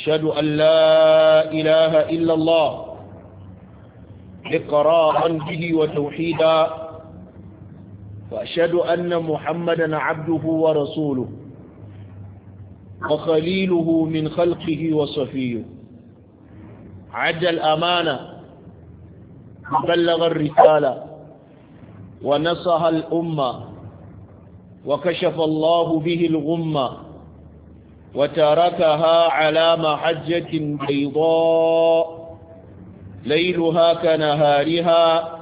أشهد أن لا إله إلا الله إقرارا به وتوحيدا وأشهد أن محمدا عبده ورسوله وخليله من خلقه وصفيه عد الأمانة بلغ الرسالة ونصها الأمة وكشف الله به الغمة وتركها على محجة بيضاء ليلها كنهارها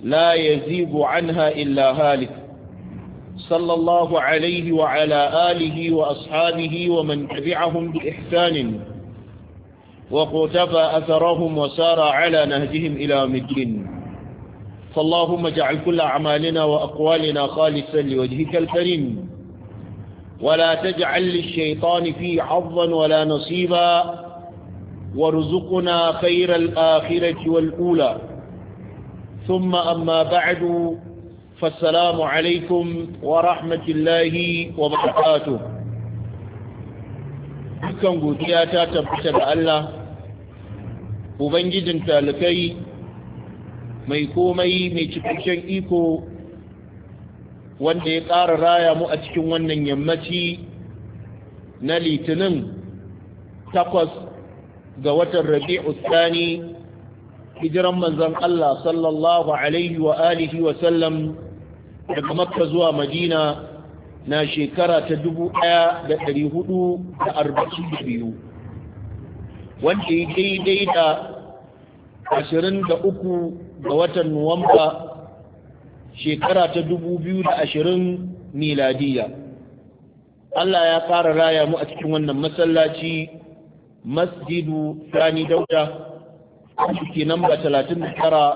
لا يزيب عنها إلا هالك صلى الله عليه وعلى آله وأصحابه ومن تبعهم بإحسان وقتفى أثرهم وسار على نهجهم إلى مدين فاللهم اجعل كل أعمالنا وأقوالنا خالصا لوجهك الكريم ولا تجعل للشيطان في حظا ولا نصيبا وارزقنا خير الآخرة والأولى ثم أما بعد فالسلام عليكم ورحمة الله وبركاته dukkan godiya ta tabbata da Allah ubangijin talakai mai komai mai cikakken iko wanda ya ƙara raya mu a cikin wannan yammaci na litinin takwas ga watan rabi'u tsani hijiran manzan Allah sallallahu alaihi wa alihi wa sallam daga makka zuwa madina na shekara ta biyu, wanda ya daidai da uku ga watan nuwamba shekara ta dubu biyu da ashirin miladiya Allah ya fara raya mu a cikin wannan masallaci masjidu sani dauda ke namba talatin da tara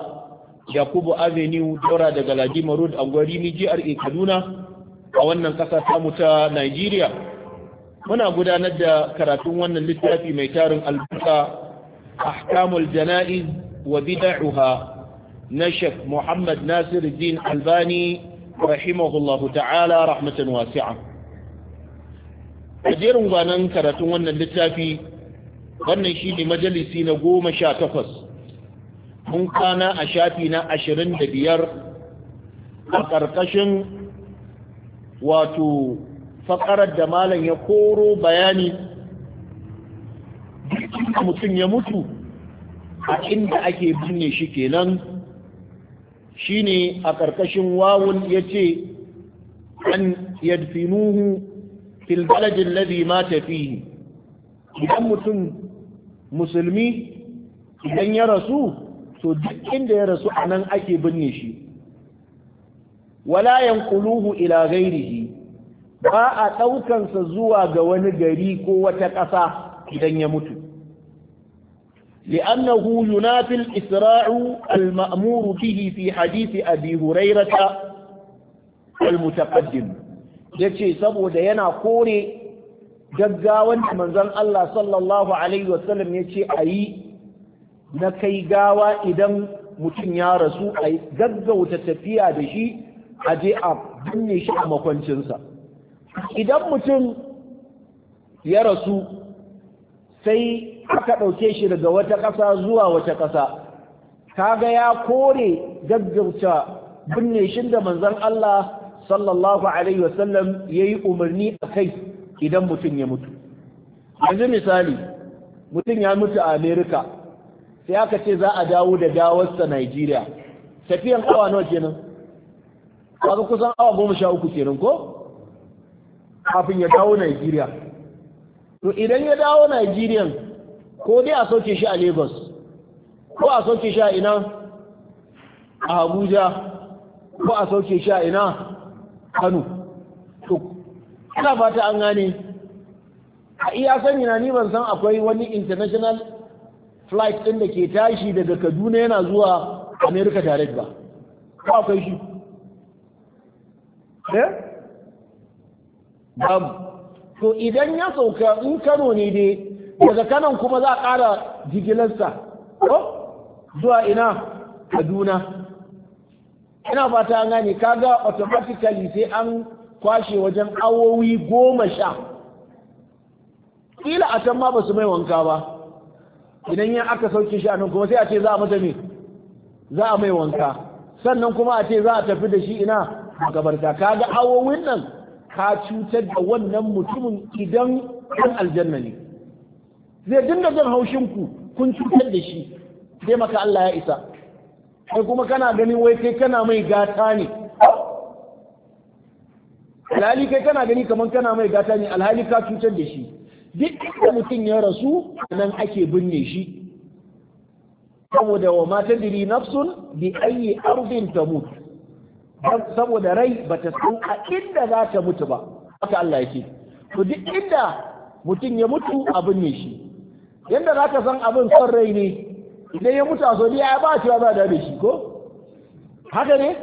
yakubu avenue daura daga ladima a angwarimi jihar kaduna a wannan ƙasa samu ta nigeria muna gudanar da karatun wannan littafi mai tarin albuka ahkamul jana'iz wa bid'uha na Sheikh Muhammad Nasiruddin Albani rahimahullahu ta'ala rahmatan wasi'a ajerin gwanan karatun wannan littafi wannan shi ne majalisi na goma sha takwas mun kana a shafi na ashirin da biyar a ƙarƙashin wato faƙarar da malam ya koro bayani mutum ya mutu a inda ake binne shi kenan shine a ƙarƙashin wawun ya ce an yadfinuhu fil baladin ladhi mata fihi idan mutum musulmi idan ya rasu to duk inda ya rasu a nan ake binne shi wala yanquluhu ila ghairihi ba a ɗaukansa zuwa ga wani gari ko wata ƙasa idan ya mutu لأنه ينافي الإسراع المأمور به في حديث أبي هريرة المتقدم yace saboda yana kore gaggawan da manzon Allah sallallahu alaihi wasallam ayi na kai gawa idan mutum ya rasu a gaggauta tafiya da shi aje a binne shi a makwancinsa idan mutum ya rasu sai aka ɗauke shi daga wata ƙasa zuwa wata ƙasa kaga ya kore gaggauta binne shi da manzon Allah sallallahu alaihi wasallam yi umarni a kai idan mutum ya mutu yanzu misali mutum ya mutu a Amerika, sai aka ce za a dawo da gawarsa Nigeria tafiyan awa nawa kenan kaga kusan awa goma sha uku kenan ko kafin ya dawo Nigeria to idan ya dawo Najeriya. ko dai a sauke shi a lagos ko a sauke shi a ina a abuja ko a sauke shi a ina kano to ina fata an gane a iya sani na ni ban san akwai wani international flight ɗin da ke tashi daga kaduna yana zuwa america direct ba ko akwai shi eh ba to idan ya sauka in kano ne dai daga kanan kuma za a ƙara jigilarsa ko zuwa ina kaduna ina fata an gane kaga automatically sai an kwashe wajen awowi goma sha Ƙila a can ma ba su mai wanka ba idan yin aka sauke shi a nan kuma sai a ce za a mata ne za a mai wanka sannan kuma a ce za a tafi da shi ina makabarta kaga awowin nan ka cutar da wannan mutumin idan ɗan aljanna ne zai dinga jin haushin ku kun cutar da shi sai maka Allah ya isa Sai kuma kana ganin wai kai kana mai gata ne alhali kai kana gani kamar kana mai gata ne alhali ka cutar da shi duk inda mutum ya rasu nan ake binne shi saboda wa mata diri nafsun bi ayi ardin tamut saboda rai ba ta san a inda za ta mutu ba haka Allah yake to duk inda mutum ya mutu a binne shi yadda za ka san abin son rai ne idan ya mutu a sau ya ba cewa za da shi ko haka ne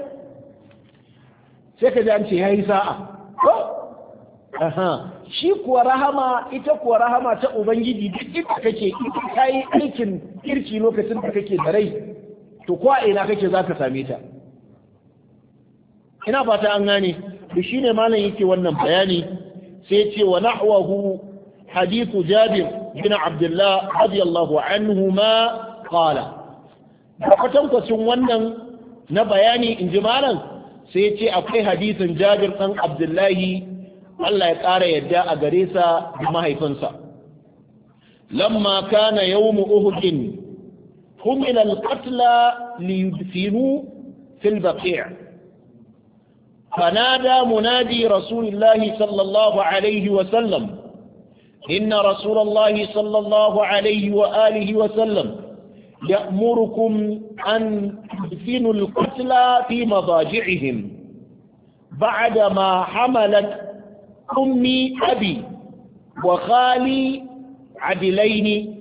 sai ka ji an ce ya yi sa'a ko shi kuwa rahama ita kuwa rahama ta ubangiji duk inda kake ita ta yi aikin kirki lokacin da kake da rai to kuwa a ina kake za ka same ta ina fata an gane da shi ne malam yake wannan bayani sai ce wa nahwahu hadithu jabir بن عبد الله anhu ma عنهما fatan kwatankwacin wannan na bayani in ji malam sai ce akwai hadisin jabir ɗan abdullahi Allah ya ƙara yadda a gare sa da mahaifinsa lamma kana yawmu uhudin hum ila li yudfinu fil baqi' fanada munadi rasulillahi sallallahu alaihi wa sallam إن رسول الله صلى الله عليه وآله وسلم يأمركم أن تدفنوا القتلى في مضاجعهم بعدما حملت أمي أبي وخالي عدلين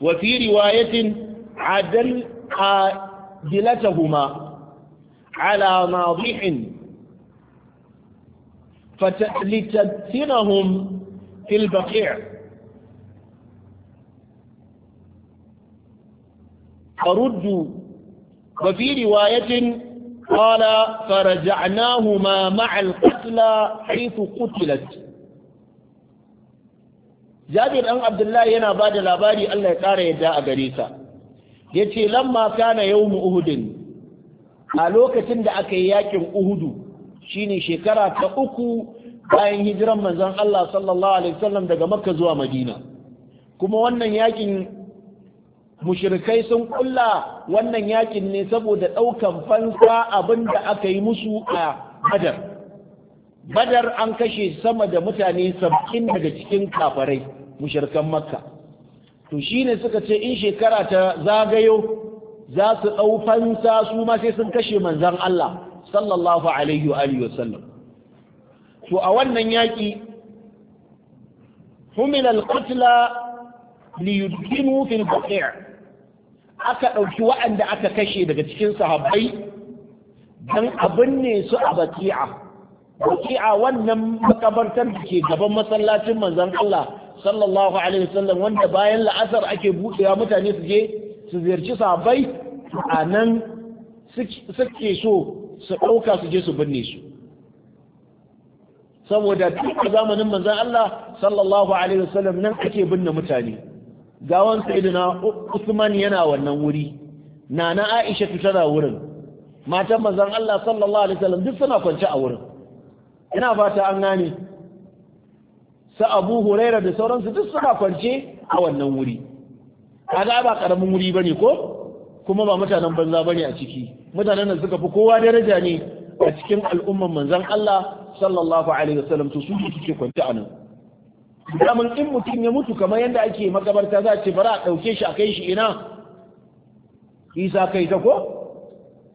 وفي رواية عدل عادلتهما على ناضح فلتدفنهم fil baqi' فردوا وفي رواية قال فرجعناهما مع القتلى حيث قتلت جابر بن عبد الله ينا بعد لاباري الله يقار يدعى غريسا يتي لما كان يوم أهد a lokacin da aka yi yakin uhudu shine shekara ta uku bayan hijiran manzon Allah sallallahu alaihi wasallam daga makka zuwa madina kuma wannan yakin mushrikai sun kulla wannan yakin ne saboda daukan fansa abinda aka yi musu a badar badar an kashe sama da mutane 70 daga cikin kafarai mushrikan makka to shine suka ce in shekara ta zagayo za su dau fansa su ma sai sun kashe manzon Allah sallallahu alaihi wa alihi to a wannan yaƙi humila alqatla liyudkinu fil baqi' aka ɗauki waɗanda aka kashe daga cikin sahabbai dan abin ne su a baki'a baki'a wannan makabartar da ke gaban masallacin manzon Allah sallallahu alaihi wasallam wanda bayan la'asar ake buɗewa mutane su je su ziyarci sahabbai a nan suke so su ɗauka su je su binne su saboda duk zamanin manzan Allah sallallahu alaihi wasallam nan ake binne mutane gawan sayyidina Usman yana wannan wuri nana Aisha tara wurin matan manzan Allah sallallahu alaihi wasallam duk suna kwance a wurin ina fata an gane sa Abu Huraira da sauransu duk suna kwance a wannan wuri kaga ba karamin wuri bane ko kuma ba mutanen banza bane a ciki mutanen da suka fi kowa daraja ne a cikin al'ummar manzon Allah sallallahu alaihi wasallam to su ne suke kwanta a nan damin in mutum ya mutu kamar yadda ake makabarta za a ce bara a ɗauke shi a kai shi ina isa kai ta ko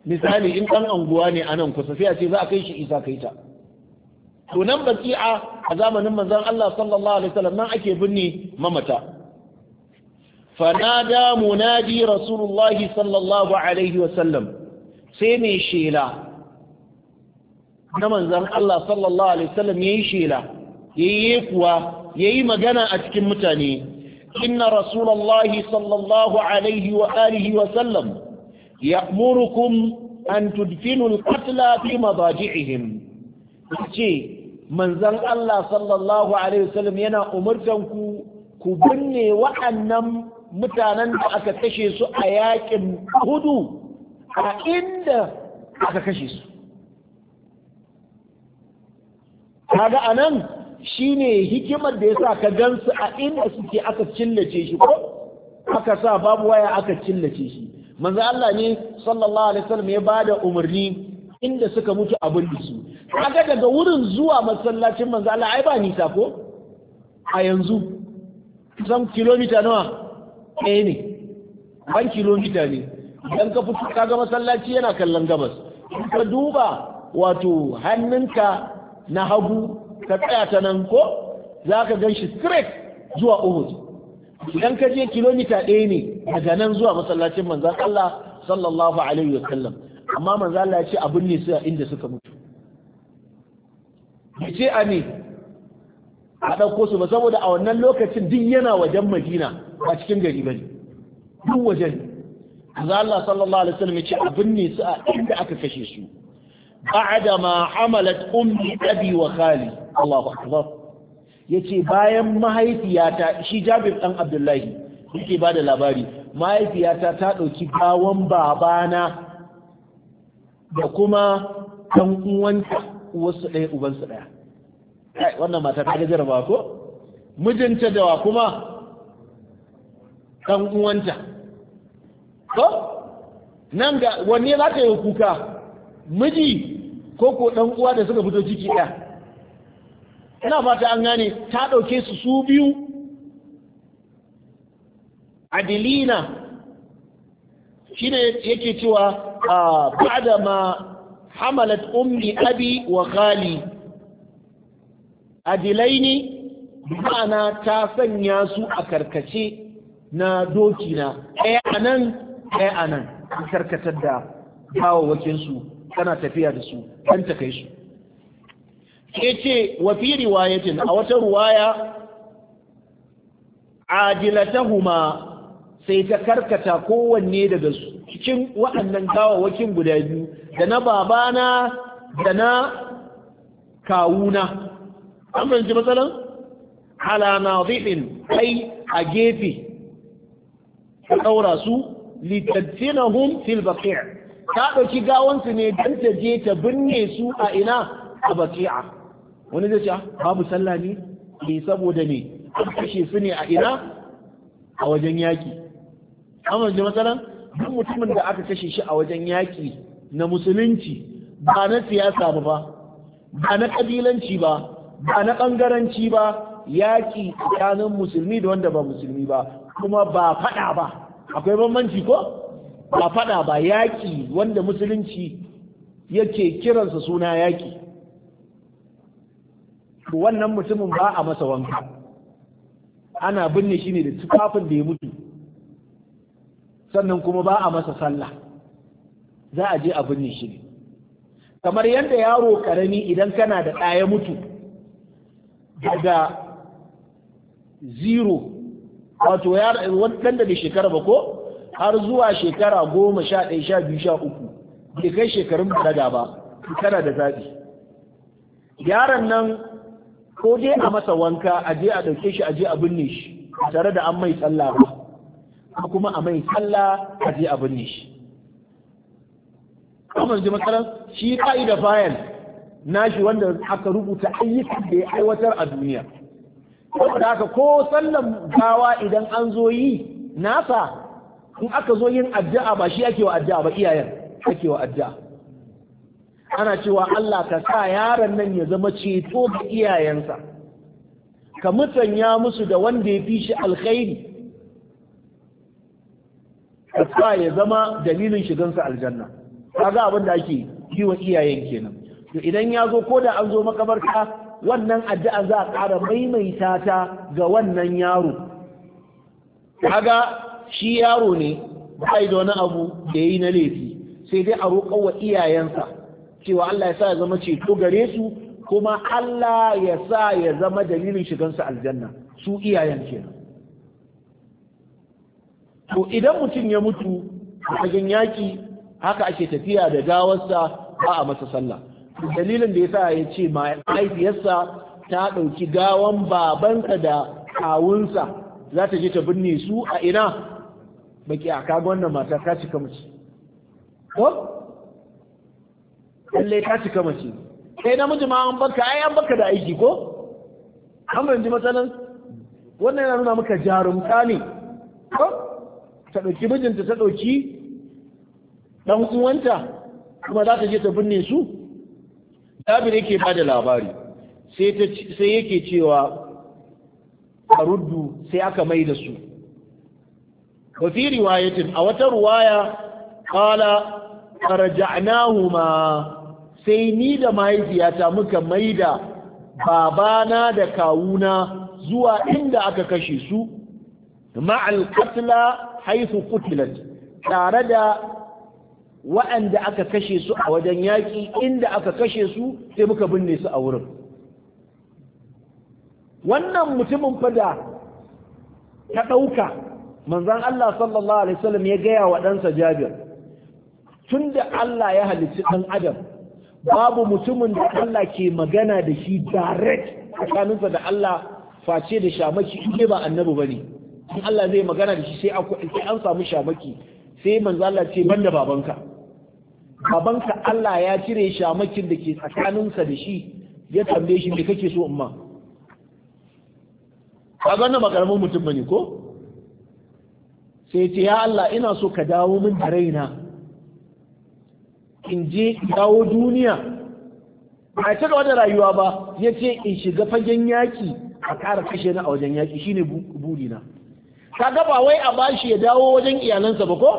misali in ɗan anguwa ne a nan kusa sai a ce za a kai shi isa kai ta to nan baki'a a zamanin manzon Allah sallallahu alaihi wasallam nan ake binne mamata fanada munadi rasulullahi sallallahu alaihi wasallam sai ne shela na manzan Allah sallallahu alaihi wasallam yi shela ya yayi kuwa yi magana a cikin mutane inna Rasulallah sallallahu alaihi wa alihi wa sallam ya'murukum an tudfinu al-qatla fi madaji'ihim ce manzan Allah sallallahu alaihi wasallam yana umurtan ku ku binne wa'annan mutanen da aka kashe su a yakin hudu a inda aka kashe su kaga anan shine hikimar da yasa ka gansu a inda suke aka killace shi ko aka sa babu waya aka killace shi manzo Allah ne sallallahu alaihi wasallam ya bada umarni inda suka mutu a da su kaga daga wurin zuwa masallacin manzo Allah ai ba nisa ko a yanzu Zan kilomita nawa eh ne ban kilomita ne dan ka fito kaga masallaci yana kallon gabas ka duba wato hannunka na hagu ka tsaya ta nan ko za ka gan shi straight zuwa uhud idan ka je kilomita ɗaya ne daga nan zuwa masallacin manzan Allah sallallahu alaihi wasallam amma manzan Allah ya ce abin ne su inda suka mutu ya ce a ne a ɗauko su ba saboda a wannan lokacin duk yana wajen madina ba cikin gari ba ne duk wajen manzan Allah sallallahu alaihi wasallam ya ce abin ne su a inda aka kashe su بعد ما حملت أمي أبي وخالي الله أكبر yace bayan mahaifiyata shi Jabir dan Abdullahi yake ba labari mahaifiyata ta ɗauki gawan babana da kuma ɗan uwanta uwarsu ɗaya ubansu ɗaya kai wannan mata ta gajar ba ko mijinta da wa kuma uwanta ko nan ga wanne za ta yi kuka miji ko ko ɗan uwa da suka fito ciki ɗaya ina fata an gane ta ɗauke su su biyu adilina ne yake cewa a ba'da ma hamalat ummi abi wa khali adilaini ma'ana ta sanya su a karkace na dokina ɗaya a nan ɗaya a nan an karkatar da wakinsu tana tafiya da su dan ta kai shi Ke ce wa fi riwayatin a wata ruwaya adilatahuma sai ta karkata kowanne daga su cikin wa'annan gawawakin guda biyu da na babana da na kawuna an fahimci matsalan ala zaɓin kai a gefe ka ɗaura su litattinahum fil baqi' ta ɗauki gawansu ne don ta je ta binne su a ina a baki'a wani zai ce ah, babu sallah ne ne eh, saboda ne an kashe su ne a ina a wajen yaƙi amma ji matsalan duk mutumin da aka kashe shi a wajen yaƙi na musulunci ba na siyasa ba ba ba na ƙabilanci ba ba na ɓangaranci ba yaƙi tsakanin musulmi da wanda ba musulmi ba kuma ba faɗa ba akwai bambanci ko ba faɗa ba yaki wanda musulunci yake kiransa suna yaki wannan mutumin ba a masa wanka ana binne shi ne da tufafin da ya mutu sannan kuma ba a masa sallah za a je a binne shi ne kamar yadda yaro karami idan kana da ɗaya mutu daga zero wato ɗan da shekara ba ko har zuwa shekara goma sha ɗaya sha biyu sha uku bai kai shekarun balaga ba tana da zaɓi yaron nan ko dai a masa wanka a je a ɗauke shi a je a binne shi tare da an mai tsalla ba kuma a mai tsalla a je a binne shi kamar ji matsalar shi ka'ida bayan nashi wanda aka rubuta ayyukan da ya aiwatar a duniya saboda haka ko sallan gawa idan an zo yi nasa in aka zo yin addu'a ba shi ake wa addu'a ba iyayen ake wa addu'a ana cewa Allah ka sa yaron nan ya zama ceto ga iyayensa ka mutanya musu da wanda ya fi shi alkhairi ka sa ya zama dalilin shigansa aljanna kaga abin da ake yi wa iyayen kenan to idan ya zo ko da an zo makabarta wannan addu'a za a ƙara maimaita ta ga wannan yaro kaga shi yaro ne a yi da wani abu da yi na laifi sai dai a roƙa wa iyayensa cewa Allah ya sa ya zama ceto gare su kuma Allah ya sa ya zama dalilin shigansu aljanna su iyayen kenan to idan mutum ya mutu a cikin yaki haka ake tafiya da gawarsa ba a masa sallah dalilin da ya sa ya ce mahaifiyarsa ta ɗauki gawan babansa da kawunsa za ta je ta binne su a ina baki a kaga wannan mata ta cika mace ko lalle ta cika mace kai namiji ma an baka ai an baka da aiki ko an ban ji matsalan wannan yana nuna maka jarumta ne ko ta dauki mijinta ta dauki dan uwanta kuma za ta je ta binne su Jabir yake ba da labari sai yake cewa a ruddu sai aka mai da su wa fi riwayatin a wata ruwaya qala farja'nahuma sai ni da mahaifiyata muka maida babana da kawuna zuwa inda aka kashe su ma'al qatla haythu tare da waɗanda aka kashe su a wajen yaƙi inda aka kashe su sai muka binne su a wurin wannan mutumin fada ta ɗauka manzan Allah sallallahu alaihi wasallam ya gaya wa ɗansa Jabir tunda Allah ya halicci ɗan adam babu mutumin da Allah ke magana da shi direct tsakaninsa da Allah face da shamaki in ba annabi bane in Allah zai magana da shi sai an samu shamaki sai manzan Allah ce banda babanka babanka Allah ya cire shamakin da ke tsakaninsa da shi ya tambaye shi me kake so umma Ka wannan ba karamin mutum bane ko sai ce ya Allah ina so ka dawo min da raina in je dawo duniya ba ta gaba da rayuwa ba ya ce in shiga fagen yaƙi a ƙara kashe na a wajen yaƙi shine burina ka gaba wai a bashi ya dawo wajen iyalansa ba ko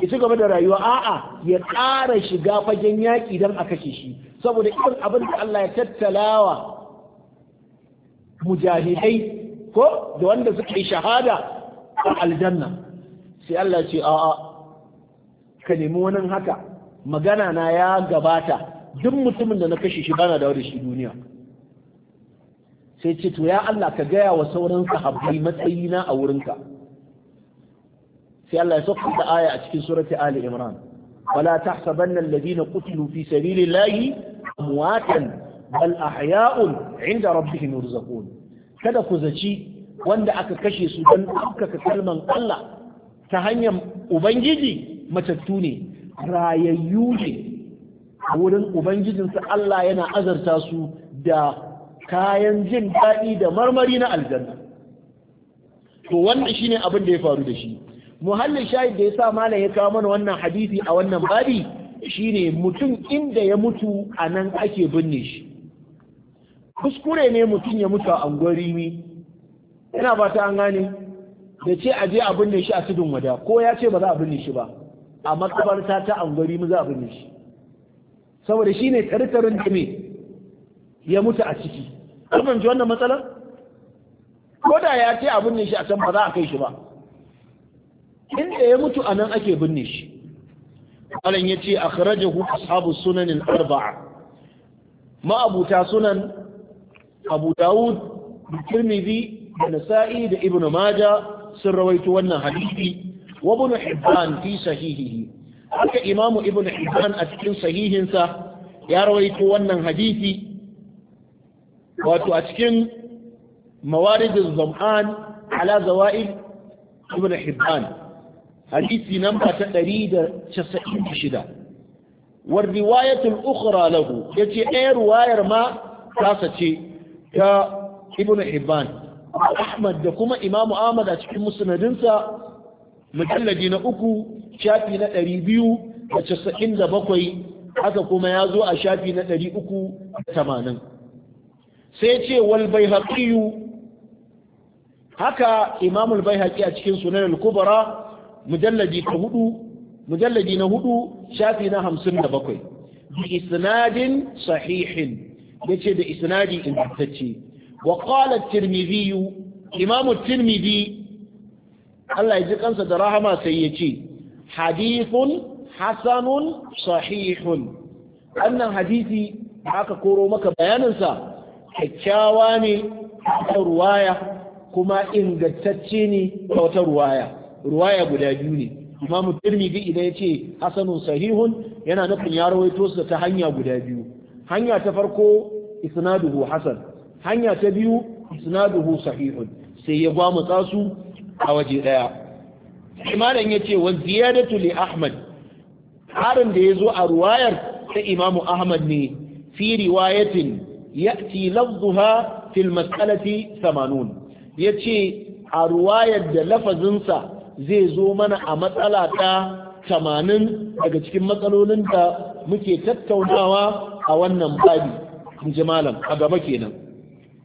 ya ci gaba da rayuwa a'a ya ƙara shiga fagen yaki don a kashe shi saboda irin abin da Allah ya tattalawa mujahidai ko da wanda suka yi shahada a aljanna sai Allah ce a'a ka nemi wani haka magana na ya gabata duk mutumin da na kashe shi bana dawo da shi duniya sai ce to ya Allah ka gaya wa sauran sahabbai matsayina a wurinka sai Allah ya sauka da aya a cikin surati Ali Imran wala tahsabanna alladhina qutilu fi sabilillahi amwatan bal ahya'un 'inda rabbihim yurzaqun kada ku zaci wanda aka kashe su don ɗaukaka kalman Allah ta hanyar Ubangiji matattu ne rayayyu ne wurin Ubangijinsa Allah yana azarta su da kayan jin daɗi da marmari na aljanna to wannan shine abin da ya faru da shi muhallin shahid da ya sa malam ya kawo mana wannan hadisi a wannan babi shine mutum inda ya mutu a nan ake binne shi kuskure ne mutum ya mutu a angwarimi ina ba ta an gane da ce a je a binne shi a tudun wada ko ya ce ba za a binne shi ba a makabarta ta angwari mu za a binne shi saboda shi ne tarkarin da me ya mutu a ciki kuma ji wannan matsalar ko da ya ce a binne shi a can ba za a kai shi ba inda ya mutu a nan ake binne shi Alan ya ce a kharajahu ashabu sunanin arba'a ma'abuta sunan abu dawud tirmidhi da nasa'i da ibn maja sun rawaito wannan hadisi wa ibn hibban fi sahihihi haka imam ibn hibban a cikin sahihinsa ya rawaito wannan hadisi wato a cikin mawarid az-zam'an ala zawaid ibn hibban hadisi namba ta 196 war riwayatul ukhra lahu yace ɗaya wayar ma kasa ce ta ibn hibban Ahmad da kuma Imam Ahmad a cikin musnadinsa mujalladi na uku shafi na ɗari biyu da casa'in da bakwai haka kuma ya zo a shafi na ɗari uku da tamanin sai ce wal bai haka imamul al haƙi a cikin sunan al-kubara mujalladi ta hudu mujalladi na hudu shafi na hamsin da bakwai bi isnadin sahihin yace da isnadi ingantacce Allah وقال الترمذي إمام الترمذي الله يجيكم ستراهما سيتي حديث Sahihun, صحيح hadisi حديثي haka koro maka bayaninsa kyakkyawa ne ta ruwaya kuma ingantacce ne ta wata ruwaya ruwaya guda biyu ne imamu tirmidhi idan ya ce Hassanun sahihun yana nufin ya rawaito su ta hanya guda biyu hanya ta farko isnaduhu Hassan. hanya ta biyu isnaduhu sahihun sai ya gwamutsa su a waje daya ya yace wa ziyadatu li ahmad harin da yazo a ruwayar ta imamu ahmad ne fi riwayatin ya'ti lafzuha fil mas'alati 80 yace a ruwayar da lafazinsa zai zo mana a matsala ta tamanin daga cikin matsalolin da muke tattaunawa a wannan babi in ji a gaba kenan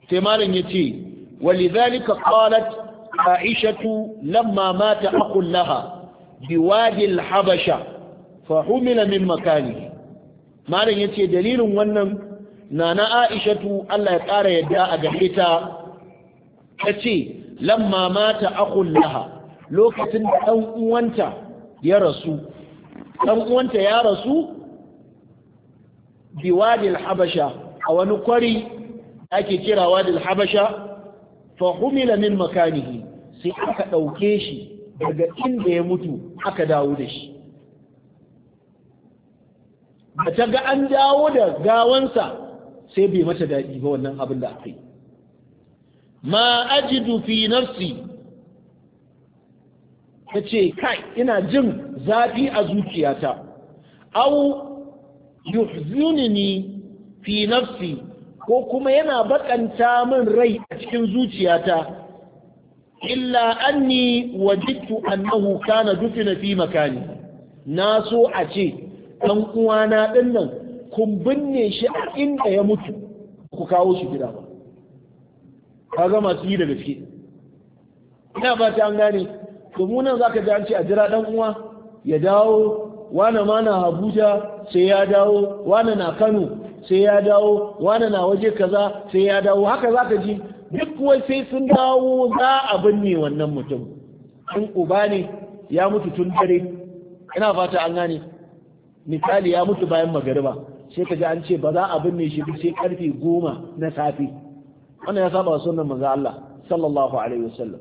sai malam yace walidhalika qalat aishatu lamma mata akhun laha biwadi habasha fa humila min makani malam yace dalilin wannan nana aishatu Allah ya ƙara yadda a gare ta ce lamma mata akhun laha lokacin da ɗan uwanta ya rasu Ɗan uwanta ya rasu biwadi habasha a wani kwari ake kirawa da habasha fa humila min makanihi sai aka ɗauke shi daga inda ya mutu aka dawo da shi ba ta ga an dawo da gawansa sai bai mata daɗi ba wannan abin da aka ma ajidu fi nafsi ta ce kai ina jin zafi a zuciyata au yuhzunni fi nafsi ko kuma yana bakanta min rai a cikin zuciyata illa anni wajidtu annahu kana dufina fi makani na so a ce dan uwana din nan kun binne shi a inda ya mutu ku kawo shi gida ba ga masu yi da gaske ina ba ta an gane to nan zaka ji an ce a jira dan uwa ya dawo wane ma na Abuja sai ya dawo wane na Kano sai ya dawo wani na waje kaza sai ya dawo haka za ka ji duk wai sai sun dawo za a binne wannan mutum in uba ne ya mutu tun dare ina fata an gane misali ya mutu bayan magariba sai ka ji an ce ba za a binne shi sai karfe goma na safe wannan ya saba sunan manzo Allah sallallahu alaihi wasallam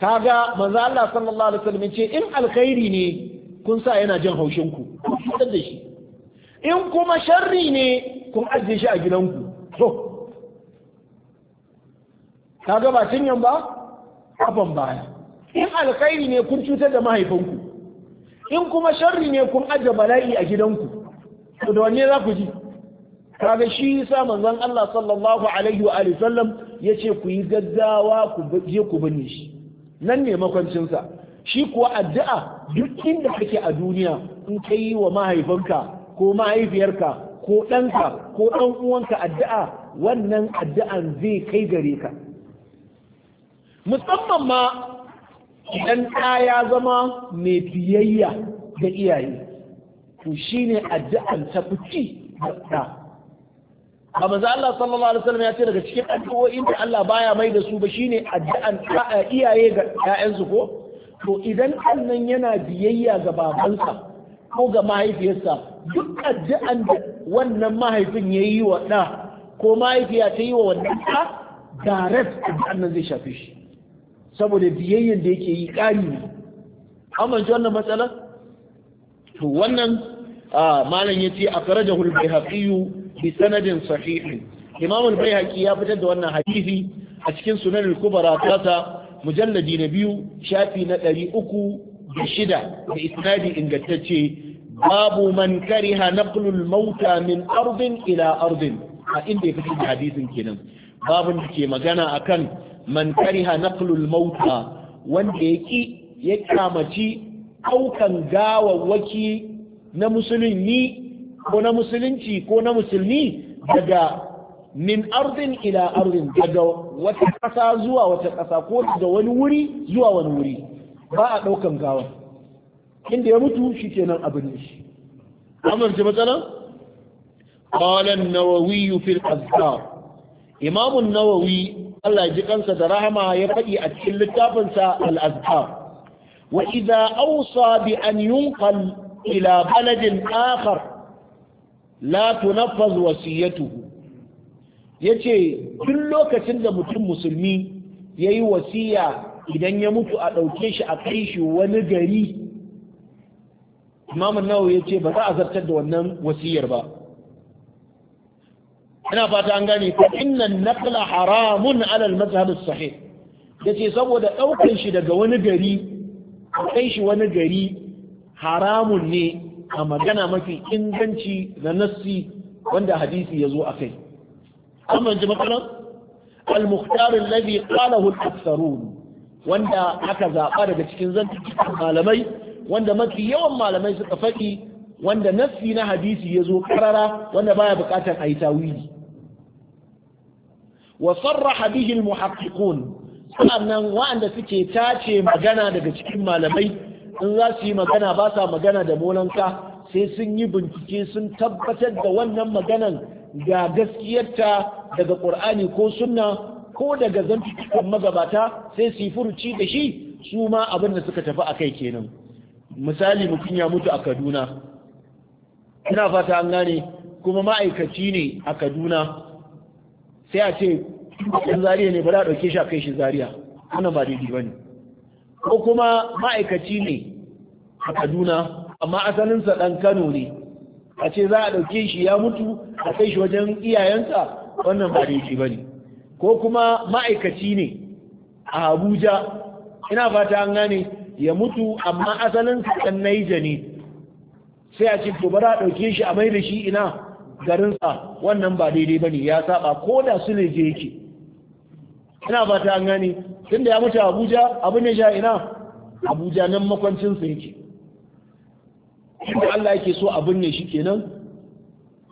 kaga manzo Allah sallallahu alaihi wasallam ce in alkhairi ne kun sa yana jin haushin ku kun da shi in kuma sharri ne kun ajiye shi a gidanku so ka gaba cinyan ba kafan baya in alkhairi ne kun cutar da mahaifinku in kuma sharri ne kun ajiye bala'i a gidanku to da wanne za ku ji kaga shi yasa manzon Allah sallallahu alaihi wa alihi sallam yace ku yi gaggawa ku je ku binne shi nan ne makwancin sa shi kuwa addu'a duk inda kake a duniya in kai wa mahaifinka ko mahaifiyarka ko ɗanka ko ɗan uwanka addu'a wannan addu'an zai kai gare ka musamman ma idan ɗa ya zama mai biyayya ga iyaye to shine addu'an ta fi da ba manzo Allah sallallahu alaihi wasallam ya ce daga cikin addu'o'in da Allah baya mai da su ba shine addu'an iyaye ga ƴaƴansu ko to idan annan yana biyayya ga babansa ko ga mahaifiyarsa duk addu'an da wannan mahaifin ya yi wa ɗa ko mahaifiya ta yi wa wannan ɗa direct addu'an nan zai shafe shi saboda biyayyen da yake yi ƙari ne amince wannan matsala to wannan malam ya ce a karajahul bai haƙiyu bi sanadin sahihin imam al haƙi ya fitar da wannan hadisi a cikin sunan Kubara kubra ta mujalladi na biyu shafi na ɗari uku da shida da isnadi ingantacce babu man kariha naqlul mauta min ardin ila ardin a inda ya fito da hadisin kenan babun da ke magana akan man kariha naqlul mauta wanda ya ki ya kamaci ɗaukan gawawwaki na musulmi ko na musulunci ko na musulmi daga min ardin ila ardin daga wata ƙasa zuwa wata ƙasa ko daga wani wuri zuwa wani wuri ba a ɗaukan gawa inda ya mutu shi kenan abu ne shi amince matsala? ƙwalen nawawi yi fi azkar imamun nawawi Allah ji kansa da rahama ya faɗi a cikin littafinsa al’azkar wa iza ausa bi an yunkal ila baladin akhar la wasiyatu. wasiyatuhu yace duk lokacin da mutum musulmi yayi wasiya idan ya mutu a ɗauke shi a kai shi wani gari imamun nawa ya ce ba za a zartar da wannan wasiyar ba ina fata an gane ko innan naqla haramun ala al-mazhab as-sahih yace saboda ɗaukan shi daga wani gari kai shi wani gari haramun ne a magana mafi inganci da nassi wanda hadisi ya zo a kai amma ji matsalar al-mukhtar alladhi qalahu al-aktharun wanda aka zaɓa daga cikin zantukan malamai wanda mafi yawan malamai suka faɗi wanda nassi na hadisi ya zo karara wanda baya buƙatar a yi tawili wa sarraha bihi muhaqqiqun sannan wa'anda suke tace magana daga cikin malamai in za su yi magana ba sa magana da molanka sai sun yi bincike sun tabbatar da wannan maganan ga gaskiyarta daga ƙur'ani ko sunna ko daga cikin magabata sai su yi furuci da shi su ma abin da suka tafi a kai kenan misali mutum ya mutu a kaduna ina fata an gane kuma ma'aikaci ne a kaduna sai a ce ɗan zariya ne ba za a ɗauke shi a kai shi zariya ana ba daidai ba ne ko kuma ma'aikaci ne a kaduna amma asalinsa ɗan kano ne a ce za a ɗauke shi ya mutu a kai shi wajen iyayensa wannan ba daidai ba ne ko kuma ma'aikaci ne a abuja ina fata an gane ya mutu amma asalin ɗan naija ne sai a ce to za a ɗauke shi a mai da shi ina garinsa wannan ba daidai ba ne ya saba ko da su ne je yake ina fata an gane tun da ya mutu abuja abin ne sha ina abuja nan makwancinsa yake inda allah yake so abin ne shi kenan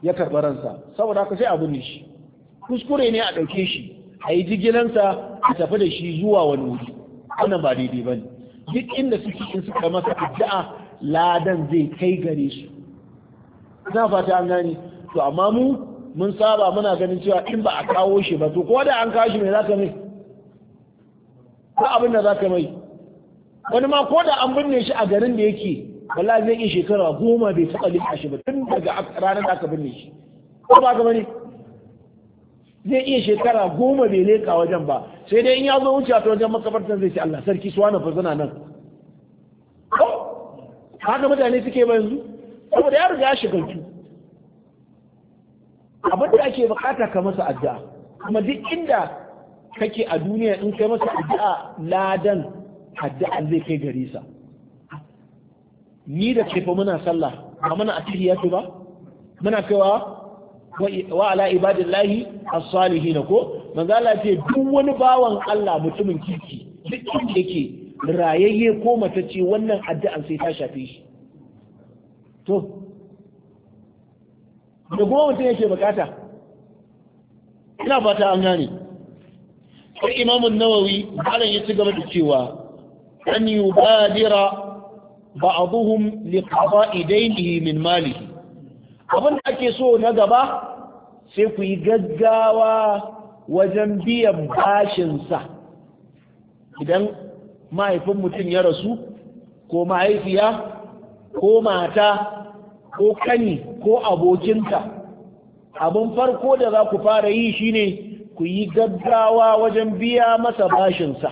ya karɓi ransa saboda haka sai abin ne shi kuskure ne a ɗauke shi a yi jigilansa a tafi da shi zuwa wani wuri wannan ba daidai ba ne duk inda suke in suka masa addu'a ladan zai kai gare su ina fata an gane to amma mu mun saba muna ganin cewa in ba a kawo shi ba to ko da an kawo shi me zaka mai ko abin da zaka mai wani ma ko da an binne shi a garin da yake wallahi zai iya shekara goma bai taɓa lika shi ba tun daga ranar da aka binne shi ko ba ka bane zai iya shekara goma bai leka wajen ba sai dai in ya zo wuce ta wajen makabartar zai ce Allah sarki su wani fasana nan haka mutane suke ba yanzu saboda ya riga shi kanki abin da ake bukata ka masa addu'a kuma duk inda kake a duniya in kai masa addu'a ladan addu'a zai kai gare sa ni da ke muna sallah ba muna atihiyatu ba muna kaiwa wa ala ibadillahi as-salihin ko manzo Allah ce duk wani bawan Allah mutumin kirki duk inda yake rayayye ko matacce wannan addu'an sai ta shafe shi to da kuma mutum yake bukata ina fata an gane sai imamu nawawi malam ya ci gaba da cewa an yubadira ba'dhum liqada'i daynihi min malihi abin da ake so na gaba sai ku yi gaggawa wajen biyan bashinsa idan mahaifin mutum ya rasu ko mahaifiya ko mata ko kani ko abokinta abin farko da za ku fara yi shine ku yi gaggawa wajen biya masa bashinsa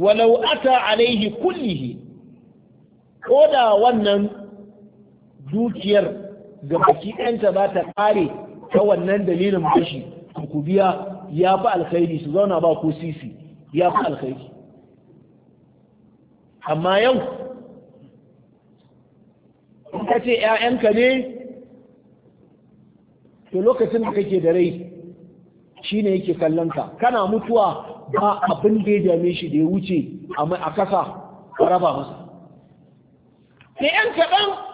walau ata alaihi kullihi ko da wannan dukiyar ga baki ɗanta ba ta ƙare ta wannan dalilin bashi ku biya ya fi alkhairi su zauna ba ko sisi ya fi alkhairi amma yau in ka ce ‘ya'yanka ne to lokacin da kake da rai shi ne yake ka, kana mutuwa ba abin da ya dame shi da ya wuce a kasa raba masa da ‘yan kaɗan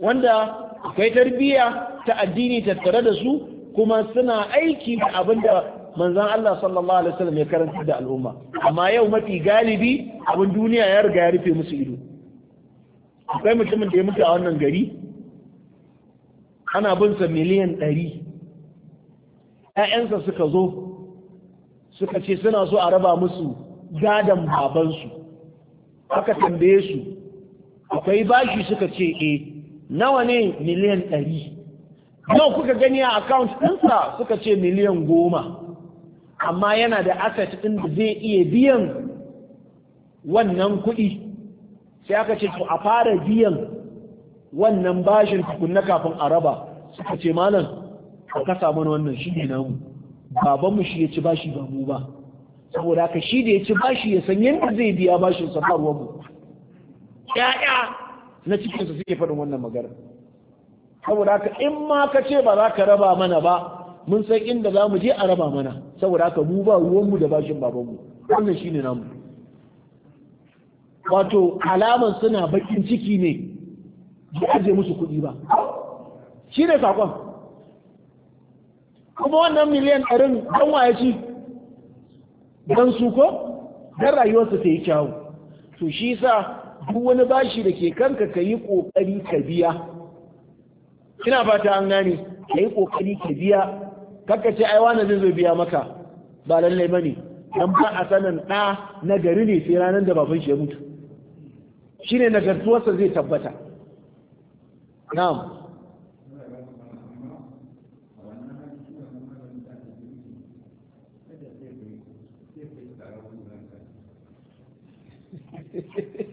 wanda akwai tarbiyya ta addini tattare da su kuma suna aiki da abin da manzan Allah sallallahu alaihi wasallam ya karanta da al'umma amma yau mafi galibi abin duniya ya riga ya rufe musu ido akwai mutumin da ya mutu a wannan gari ana bin sa miliyan ɗari ‘ya'yansa suka zo suka ce suna so a raba musu gadon babansu aka tambaye su akwai bashi suka ce eh nawa ne miliyan ɗari nawa kuka gani a account ɗinsa suka ce miliyan goma amma yana da asset ɗin da zai iya biyan wannan kuɗi sai aka ce to a fara biyan wannan bashin tukunna kafin a raba suka ce malam ka kasa mana wannan shi ne namu babanmu shi ya ci bashi ba mu ba saboda haka shi da ya ci bashi ya san yadda zai biya bashin sa mu ya'ya na cikinsu suke faɗin wannan magana saboda haka in ma ka ce ba za ka raba mana ba mun san inda za mu je a raba mana saboda haka mu ba ruwanmu da bashin babanmu wannan shine namu wato alaman suna bakin ciki ne ba aje musu kuɗi ba shi ne sakon kuma wannan miliyan ɗarin don waye ci don su ko don rayuwarsa ta yi kyawu to shi sa duk wani bashi da ke kanka ka yi ƙoƙari ka biya ina fata an gane ka yi ƙoƙari ka biya kanka ce ai wani zai biya maka ba lallai ba dan ba a sanin ɗa na gari ne sai ranar da baban shi ya mutu shi ne nagartuwarsa zai tabbata na'am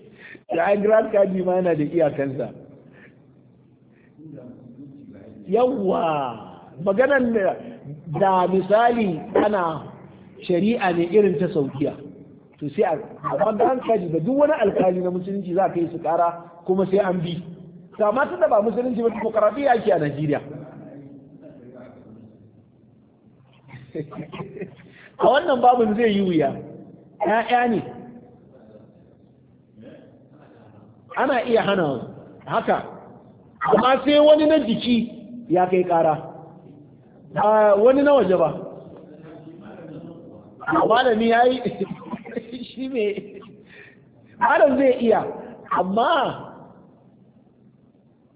da ai grant card ma yana da iyakansa yawwa maganan da misali ana shari'a ne irin ta saukiya to sai a an kaji da duk wani alkali na musulunci za ka yi su kara kuma sai an bi ta mata da ba musulunci ba ya ke a najeriya a wannan babin zai yi wuya ya'ya ne ana iya hana haka amma sai wani na jiki ya kai kara a wani na waje ba malami ya yi shi mai malam zai iya amma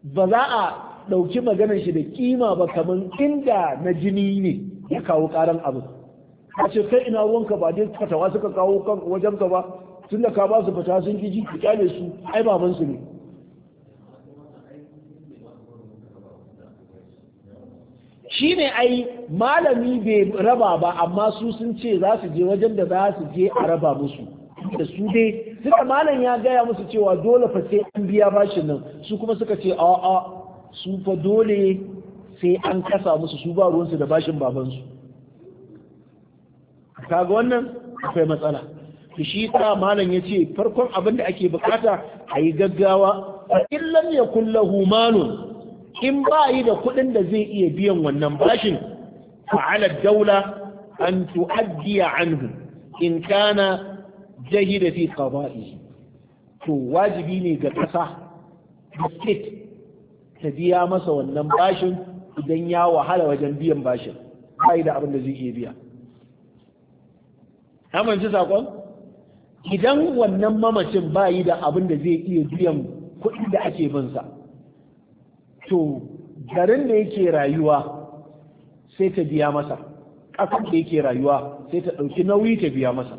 ba za a ɗauki maganar shi da kima ba kamar inda na jini ne ya kawo karan abu a ce kai ina ruwanka ba dai fatawa suka kawo wajen ka ba tun da ka ba su fata sun ji jiki kyale su ai baban su ne shi ne ai malami bai raba ba amma su sun ce za su je wajen da za su je a raba musu da su dai suka malam ya gaya musu cewa dole fa sai an biya bashin nan su kuma suka ce a su fa dole sai an kasa musu su ba ruwansu da bashin babansu kaga wannan akwai matsala to shi sa malam ya ce farkon abin da ake bukata a yi gaggawa A illam ya kulla humanun in ba yi da kuɗin da zai iya biyan wannan bashin fa'alar daula an tu'addiya anhu in kana jahida fi qada'i to wajibi ne ga kasa da state ta biya masa wannan bashin idan ya wahala wajen biyan bashin ba da abin da zai iya biya amince sakon idan wannan mamacin bayi da abin da zai iya biyan kuɗi da ake binsa to garin da yake rayuwa sai ta biya masa ƙasar da yake rayuwa sai ta ɗauki nauyi ta biya masa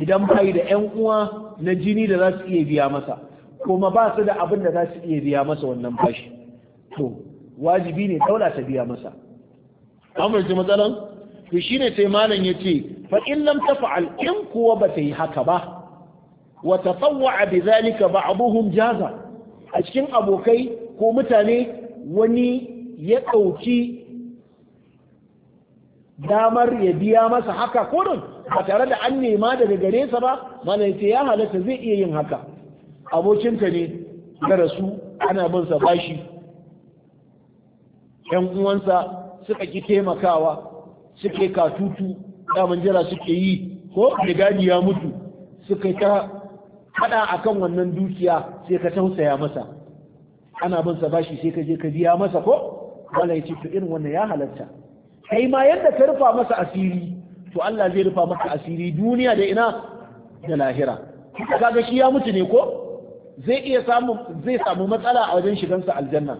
idan bayi da 'yan uwa na jini da za su iya biya masa kuma ba su da abin da za su iya biya masa wannan bashi to wajibi ne daula ta biya masa an matsalan to ne sai malam ya ce, fa in lam taf'al in kuwa ba ta yi haka ba wa tatawwa bi zalika ba'dhum jaza a cikin abokai ko mutane wani ya ɗauki damar ya biya masa haka ko ba tare da an nema daga gare sa ba malam ce ya halatta zai iya yin haka abokinka ne ya rasu ana bin sa bashi yan uwansa suka ki taimakawa suke katutu daman jira suke yi ko gadi ya mutu suka ta a akan wannan dukiya sai ka tausaya masa ana bin sa bashi sai ka je ka biya masa ko wala yace to irin wannan ya halatta kai ma yadda ka rufa masa asiri to Allah zai rufa maka asiri duniya da ina da lahira kaga shi ya mutu ne ko zai iya samu zai samu matsala a wajen shigansa aljanna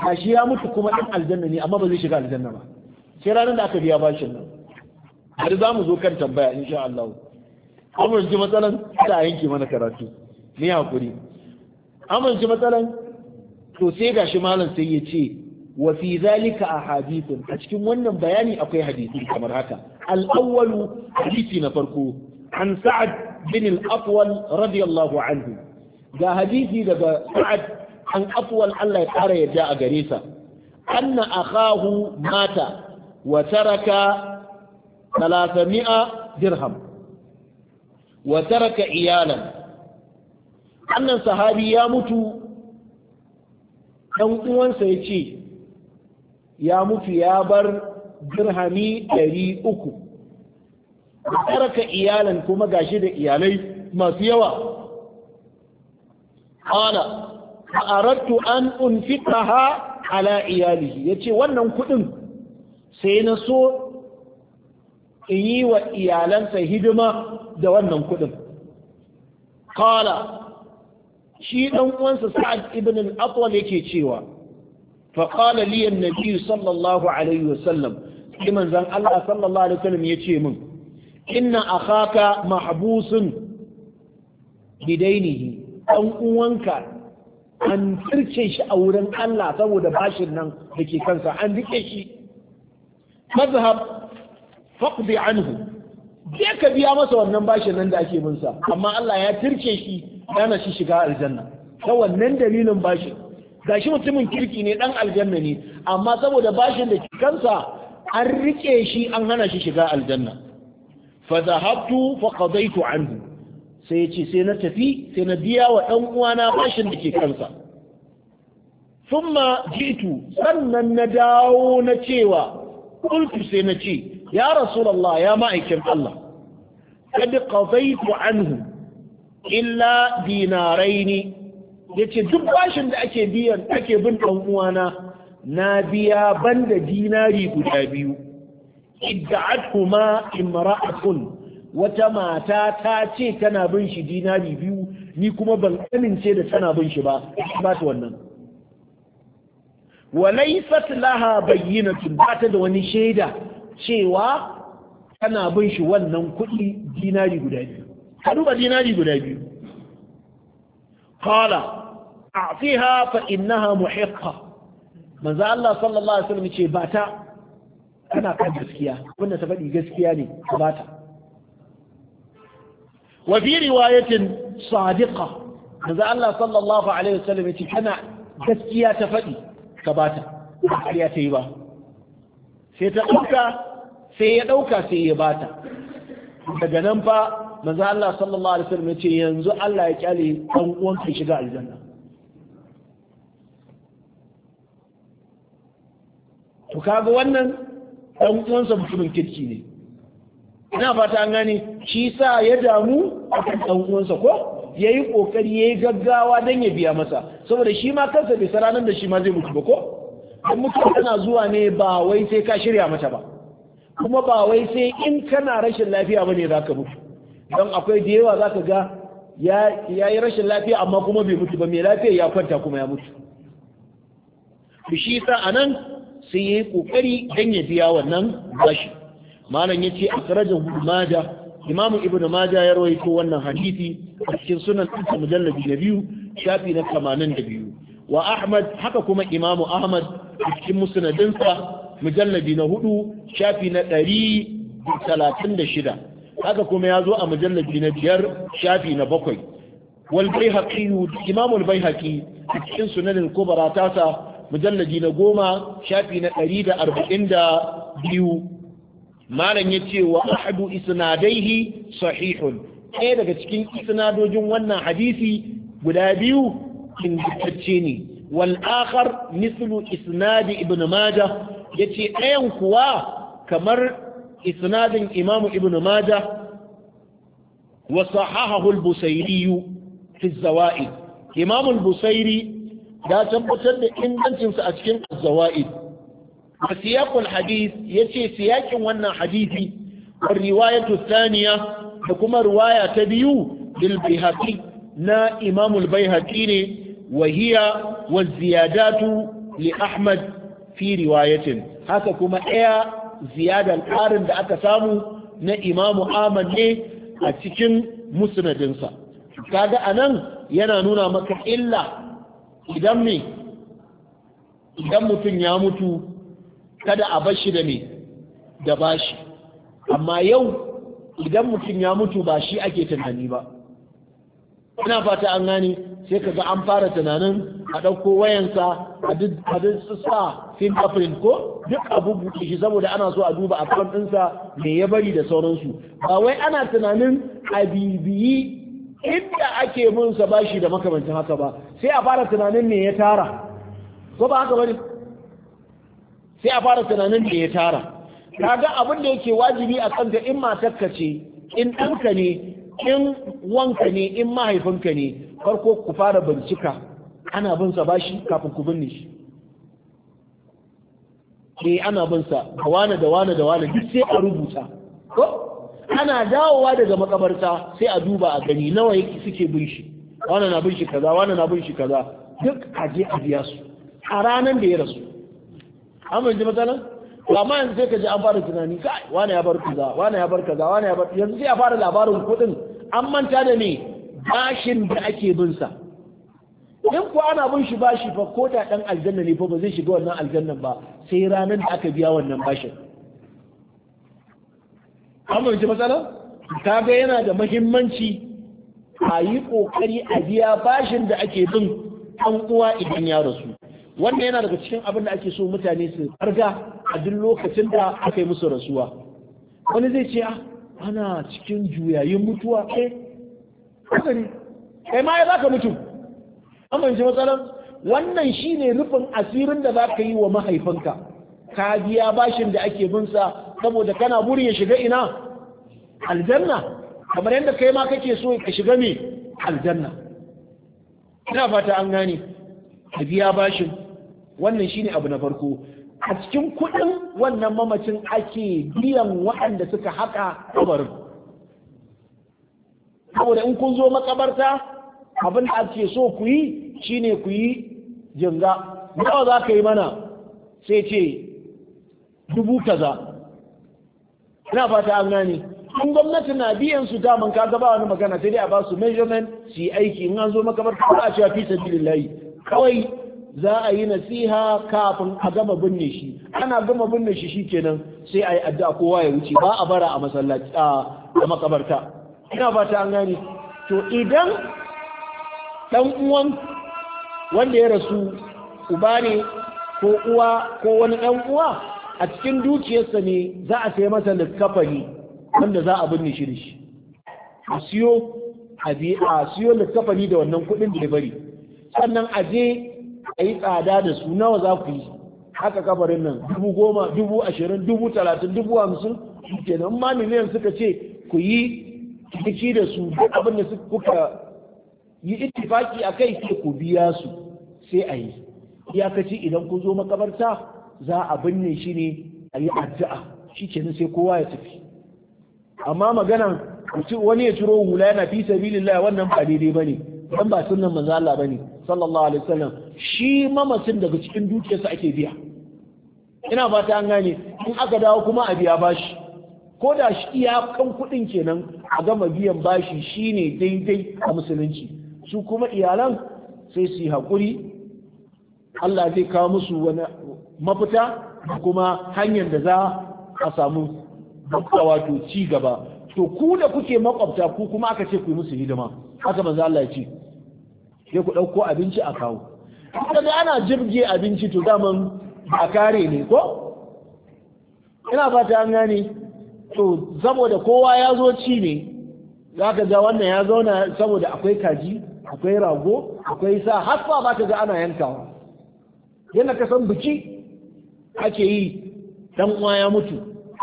ba shi ya mutu kuma din aljanna ne amma ba zai shiga aljanna ba sai ranar da aka biya bashin nan har za mu zo kan tambaya insha Allah amince matsalan ta yanke mana karatu ni hakuri amince matsalan to sai gashi malam sai ya ce wa fi zalika ahadithun a cikin wannan bayani akwai hadisi kamar haka al-awwalu hadisi na farko an sa'ad bin al-afwal radiyallahu anhu ga hadisi daga sa'ad an afwal Allah ya kara yadda a gare sa anna akahu mata Wataraka taraka 300 dirham wa taraka iyalan annan sahabi ya mutu ɗan uwansa ya ce ya mutu ya bar dirhami ɗari uku taraka iyalan kuma gashi da iyalai masu yawa ƙala a arattu an unfikaha ala iyalihi ya ce wannan kuɗin sai na so in yi wa iyalansa hidima da wannan kudin kala shi ɗan uwansa sa'ad ibn al-atwal yake cewa fa qala li nabi sallallahu alaihi wasallam sai Allah sallallahu alaihi wasallam yace min inna akhaka mahbusun bidainihi ɗan uwanka an tsirce shi a wurin Allah saboda bashin nan da ke kansa an rike shi mazhab faqdi anhu je ka biya masa wannan bashin nan da ake minsa amma Allah ya tirce shi yana shi shiga aljanna ta wannan dalilin bashin gashi mutumin kirki ne dan aljanna ne amma saboda bashin da kansa an rike shi an hana shi shiga aljanna fa zahabtu fa qadaytu anhu sai ya ce sai na tafi sai na biya wa dan uwana bashin da ke kansa thumma jitu sannan na dawo na cewa kultu sai na ce ya rasulallah ya ma'aikin Allah kad qadaytu anhu ne. yace duk bashin da ake biyan ake bin dan uwana na biya banda dinari guda biyu idda'atuhuma imra'atun wata mata ta ce tana bin shi dinari biyu ni kuma ban amince da tana bin shi ba ba ta wannan walaisat laha bayyinatun ba ta da wani shaida cewa tana bin shi wannan kuɗi dinari guda biyu ka duba dinari guda biyu qala a'tiha fa innaha muhiqqa manzo Allah sallallahu alaihi wasallam ce ba ta tana kan gaskiya wannan ta faɗi gaskiya ne ba ta wa fi riwayatin sadiqa manzo Allah sallallahu alaihi wasallam ce tana gaskiya ta faɗi ka ba ta, ba ya ta yi ba sai ta ɗauka sai ya ɗauka sai ya ba ta. daga nan fa manzo Allah sallallahu alaihi wasallam ce yanzu Allah ya kyale dan uwan ka shiga aljanna to kaga wannan dan sa mutumin kirki ne ina fata an gani. shi sa ya damu akan dan sa ko ya yi ƙoƙari ya yi gaggawa don ya biya masa saboda shi ma kansa bai ranar da shi ma zai mutu ba ko In mutuwa tana zuwa ne ba wai sai ka shirya mata ba kuma ba wai sai in kana rashin lafiya ba ne za ka mutu don akwai da yawa za ka ga ya yi rashin lafiya amma kuma bai mutu ba mai lafiya ya kwanta kuma ya mutu shi sa a nan sai ya yi ƙoƙari don ya biya wannan bashi malam ya ce a sarajin hulmada imamu ibnu maja ya rawaito wannan hadisi a cikin sunan ɗinsa mujallabi na biyu shafi na tamanin da biyu wa ahmad haka kuma imamu ahmad a cikin musnadinsa mujallabi na hudu shafi na ɗari da talatin da shida haka kuma ya zo a mujallabi na biyar shafi na bakwai Walbai baihaqi imamu Walbai baihaqi a cikin sunanin al tasa mujallabi na goma shafi na ɗari da arba'in da biyu malam ya ce wa ahadu isnadaihi sahihun ɗaya daga cikin isnadojin wannan hadisi guda biyu ingantacce ne wal akhar mislu isnadi ibn majah yace ɗayan kuwa kamar isnadin imamu ibn majah wa sahahahu al-busairi fi zawaid imamu al-busairi ya tabbatar da ingancinsa a cikin zawaid wasiyakul hadith yace siyakin wannan hadisi war riwayatu da kuma riwaya ta biyu bil bihaqi na imam al baihaqi ne wa hiya wa ziyadatu li ahmad fi riwayatin haka kuma ɗaya ziyadar ƙarin da aka samu na imamu ahmad ne a cikin musnadinsa kaga anan yana nuna maka illa idan mutum ya mutu kada a bashi da me da bashi amma yau idan mutum ya mutu ba shi ake tunani ba ina fata an gane sai ka ga an fara tunanin a ɗauko wayansa a duk sa fingerprint ko duk abu buɗe shi saboda ana so a duba akan ɗinsa me ya bari da sauransu ba wai ana tunanin a bibiyi inda ake munsa bashi da makamancin haka ba sai a fara tunanin me ya tara ko ba haka bane sai a fara tunanin da ya tara kaga abin da yake wajibi a kanka in matarka ce in ɗanka ne in wanka ne in mahaifinka ne farko ku fara bincika ana bin sa bashi kafin ku binne shi eh ana bin sa da wane da wane da wane duk sai a rubuta ko ana dawowa daga makabarta sai a duba a gani nawa yake suke bin shi wane na bin shi kaza wane na bin shi kaza duk a je a biya su a ranar da ya rasu amin ji matsalan to amma yanzu sai ka ji an fara tunani kai wani ya bar kaza wani ya bar kaza wani ya bar yanzu sai a fara labarin kuɗin an manta da me bashin da ake bin sa in ko ana bin shi bashi fa ko da dan aljanna ne fa ba zai shiga wannan aljannan ba sai ranar da aka biya wannan bashin an matsala matsalan ga yana da mahimmanci a yi ƙoƙari a biya bashin da ake bin ɗan uwa idan ya rasu wannan yana daga cikin abin da ake so mutane su karga a duk lokacin da aka yi musu rasuwa wani zai ce ah, ana cikin juyayin mutuwa eh kasari kai ma ya zaka mutu amma ji matsalan wannan shine rufin asirin da zaka yi wa mahaifinka ka biya bashin da ake bin saboda kana burin ya shiga ina aljanna kamar yadda kai ma kake so ka shiga me aljanna ina fata an gane ka biya bashin wannan shine abu na farko a cikin kuɗin wannan mamacin ake biyan waɗanda suka haka kabarin saboda in kun zo makabarta abin da ake so ku yi shine ku yi jinga nawa za ka yi mana sai ce dubu kaza ina fata an gane in gwamnati na biyan su daman ka gaba wani magana sai dai a ba su measurement su yi aiki in an zo makabarta ba a cewa fi sabilillahi kawai za a yi nasiha kafin a gama binne shi ana gama binne shi shikenan sai ayi yi addu'a kowa ya wuce ba a bara a masallaci a makabarta ina fata an gani. to idan dan uwan wanda ya rasu uba ne ko uwa ko wani dan uwa a cikin dukiyarsa ne za a sai masa likafani wanda za a binne shi da shi a siyo a siyo da wannan kuɗin da bari sannan a je a yi tsada da su nawa za ku yi haka kabarin nan dubu goma dubu ashirin dubu talatin dubu hamsin nan ma miliyan suka ce ku yi ciki da su duk abin da kuka yi ittifaki a kai sai ku biya su sai a yi iyakaci idan ku zo makabarta za a binne shi ne a yi addu'a shi kenan sai kowa ya tafi amma magana wani ya ciro hula yana fi sabilillah wannan ba daidai bane dan ba sunnan manzo Allah bane sallallahu alaihi wasallam shi mamacin daga cikin dukiyarsa ake biya ina fata an gane in aka dawo kuma a biya bashi ko da shi iyakan kuɗin kenan a gama biyan bashi shine daidai a musulunci su kuma iyalan sai su yi haƙuri Allah zai kawo musu wani mafita da kuma hanyar da za a samu wato ci gaba to ku da kuke makwabta ku kuma aka ce ku yi musu hidima haka manzo Allah ya ce sai ku ɗauko abinci a kawo kaga ana jirge abinci to daman a kare ne ko ina fata an gane to saboda kowa ya zo ci ne za ka ga wannan ya zauna saboda akwai kaji akwai rago akwai sa haffa ba ka ga ana yankawa yana ka san biki ake yi dan uwa ya mutu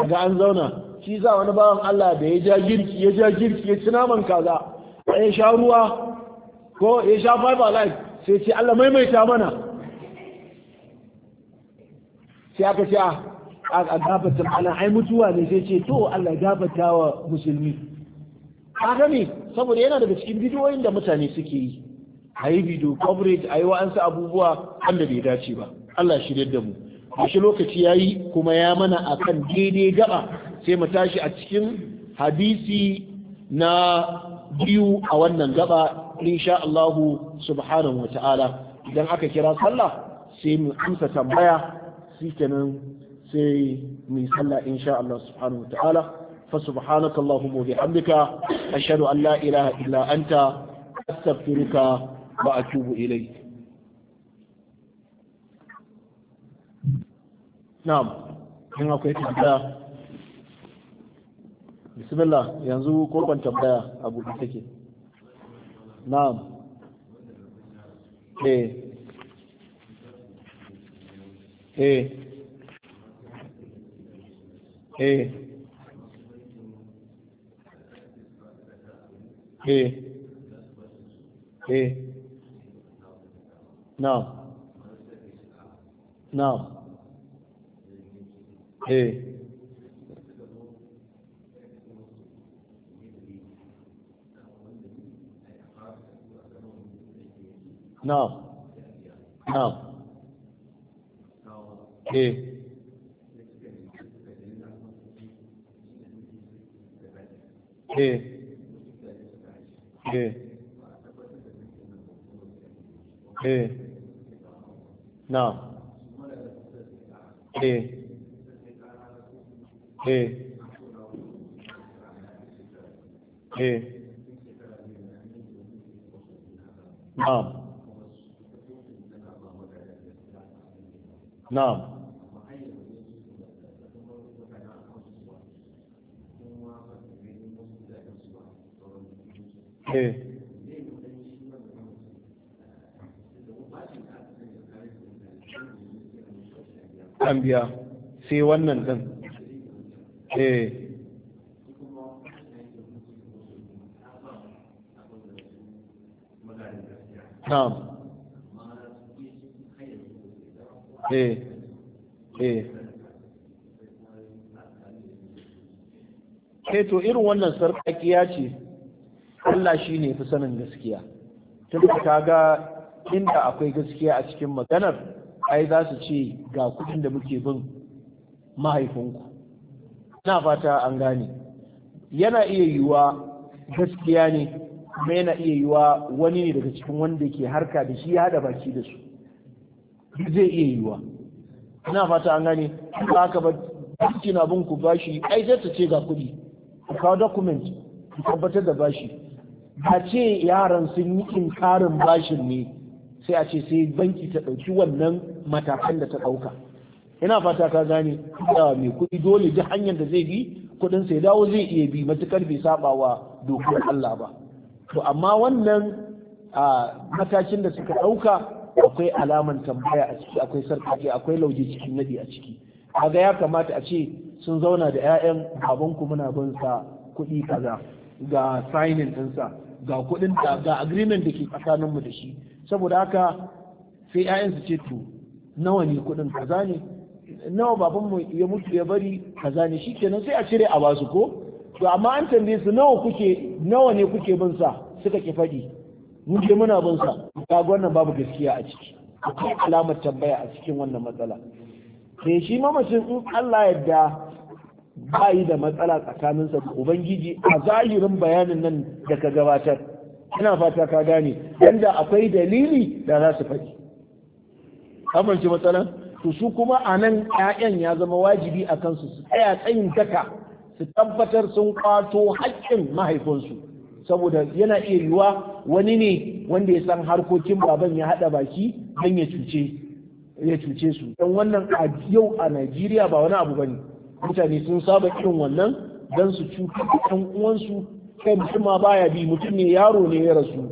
ga an zauna shi za wani bawan Allah da ya ja girki ya ja girki ya ci naman kaza ya sha ruwa ko ya sha five life sai ce Allah maimaita mana sai aka ce a gafata ma'ana ai mutuwa ne sai ce to Allah gafata wa musulmi ka ne saboda yana daga cikin bidiyoyin da mutane suke yi a yi bidiyo coverage a yi wa'ansu abubuwa wanda bai dace ba Allah shirya da mu shi lokaci ya yi kuma ya mana a kan daidai gaba sai mu tashi a cikin hadisi na biyu a wannan gaba insha Allah subhanahu wata'ala idan aka kira sallah sai mu amsa tambaya shikenan sai mu sallah insha Allah subhanahu wata'ala fa subhanaka allahumma bihamdika ashhadu an la ilaha illa anta astaghfiruka wa atubu ilayk na'am in akwai tambaya bismillah yanzu kurban tambaya a buɗe take na'am eh eh eh eh eh na'am na'am eh na'am na'am eh eh eh eh na'am eh eh eh na'am na'am eh an biya sai wannan din eh na'am eh eh eh to irin wannan sarkakiya ce Allah shi ne fi sanin gaskiya tun ka ga inda akwai gaskiya a cikin maganar ai za su ce ga kudin da muke bin mahaifinku na fata an gane yana iya yiwuwa gaskiya ne kuma yana iya yiwuwa wani ne daga cikin wanda ke harka da shi ya haɗa baki da su zai iya yiwa ina fata an gane ba haka ba cikin abin ku bashi ai zai ta ce ga kuɗi ku kawo document ku tabbatar da bashi a ce yaran sun yi inkarin bashin ne sai a ce sai banki ta ɗauki wannan matakan da ta ɗauka ina fata ka gane da mai kuɗi dole duk hanyar da zai bi kuɗin sai dawo zai iya bi matukar bai saba wa dokar Allah ba to amma wannan matakin da suka ɗauka akwai alaman tambaya a ciki akwai sarkaki, akwai lauje cikin nadi a ciki kaga ya kamata a ce sun zauna da 'ya'yan babanku muna bin sa kuɗi kaza ga signing ɗinsa ga kuɗin da ga agreement da ke tsakanin mu da shi saboda haka sai ƴaƴan su ce to nawa ne kuɗin kaza ne nawa babanmu ya mutu ya bari kaza ne shikenan sai a cire a basu ko to amma an tambaye su nawa kuke nawa ne kuke bin sa suka ki faɗi mun je muna bin sa ta wannan babu gaskiya a ciki akwai alamar tambaya a cikin wannan matsala Me eh, shi mamacin in Allah yadda ba yi da matsala tsakaninsa da ubangiji a zahirin bayanin nan da ka gabatar yana fata ka gane yanda akwai dalili da za su faɗi amince matsalan to su kuma a nan 'ya'yan ya zama wajibi a kansu su tsaya tsayin daka su tabbatar sun kwato haƙƙin mahaifinsu saboda yana iya yiwuwa wani ne wanda ya san harkokin baban ya haɗa baki don ya cuce ya cuce su don wannan a yau a Najeriya ba wani abu bane mutane sun saba irin wannan don su cuta ɗan uwansu kai mutum ma baya bi mutum ne yaro ne ya rasu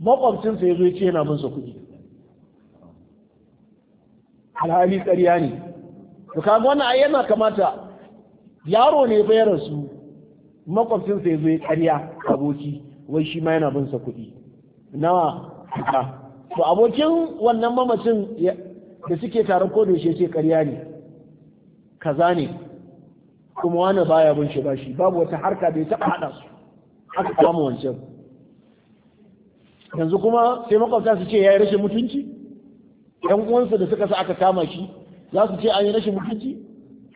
makwabcinsa ya zo ya ce yana bin sa kuɗi alhali ƙarya ne to kaga wannan ai yana kamata yaro ne fa ya rasu makwabcinsa ya zo ya ƙarya aboki wai shi ma yana bin sa kuɗi nawa to abokin wannan mamacin da suke tare ko da ce ƙarya ne kaza ne kuma wani baya bin shi bashi babu wata harka da ya taɓa haɗa su aka kama wancan yanzu kuma sai makwabta su ce ya yi rashin mutunci yan uwansa da suka sa aka kama shi za su ce an yi rashin mutunci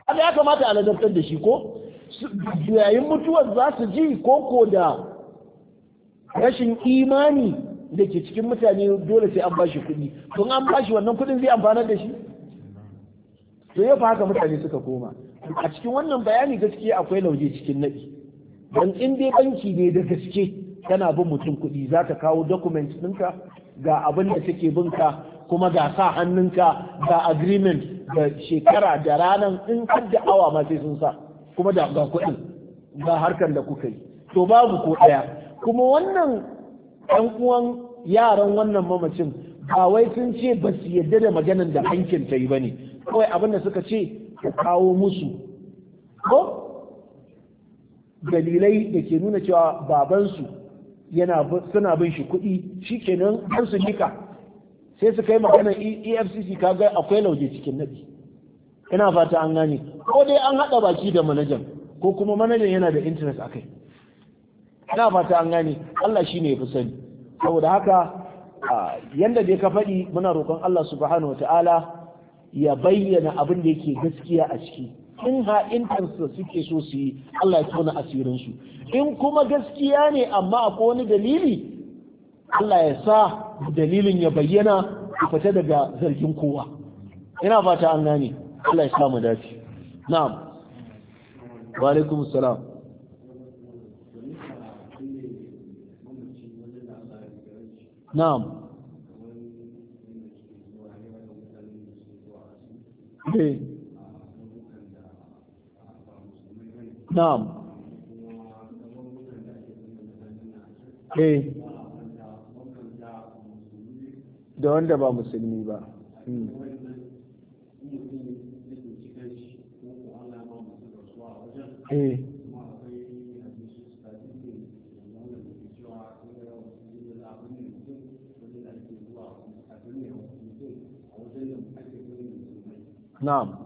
haka ya kamata a ladabtar da shi ko yayin mutuwar za su ji ko ko da rashin imani da ke cikin mutane dole sai an bashi kuɗi to an bashi wannan kuɗin zai amfanar da shi to ya fa haka mutane suka koma a cikin wannan bayani gaskiya akwai lauje cikin naɗi don in dai banki ne da gaske kana bin mutum kuɗi za ka kawo document ɗinka ga abin da take ka, kuma ga sa hannunka ga agreement da shekara da ranar in har da awa ma sai sun sa kuma da ga kuɗin ga harkar da kuka yi to babu ko ɗaya kuma wannan ɗan uwan yaran wannan mamacin ba wai sun ce ba su yadda da maganan da hankin ta yi ba ne kawai abin da suka ce ka kawo musu ko dalilai da ke nuna cewa babansu yana suna bin shi kuɗi shi kenan har su nika sai su kai maganar efcc e kaga akwai lauje cikin naɗi Yana fata an gane ko dai an haɗa baki da manajan ko kuma manajan yana da interest a kai ina fata an gane Allah shi ne ya fi sani saboda haka yadda dai ka faɗi muna roƙon Allah subhanahu ta'ala ya bayyana abin da yake gaskiya a ciki in ha'intansa suke so su yi Allah ya tona asirinsu in kuma gaskiya ne amma akwai wani dalili Allah ya sa dalilin ya bayyana ku fita daga zargin kowa ina fata an gane Allah ya sa mu dace na'am wa alaikum salam na'am eh na'am eh da wanda ba musulmi ba hmm. eh na'am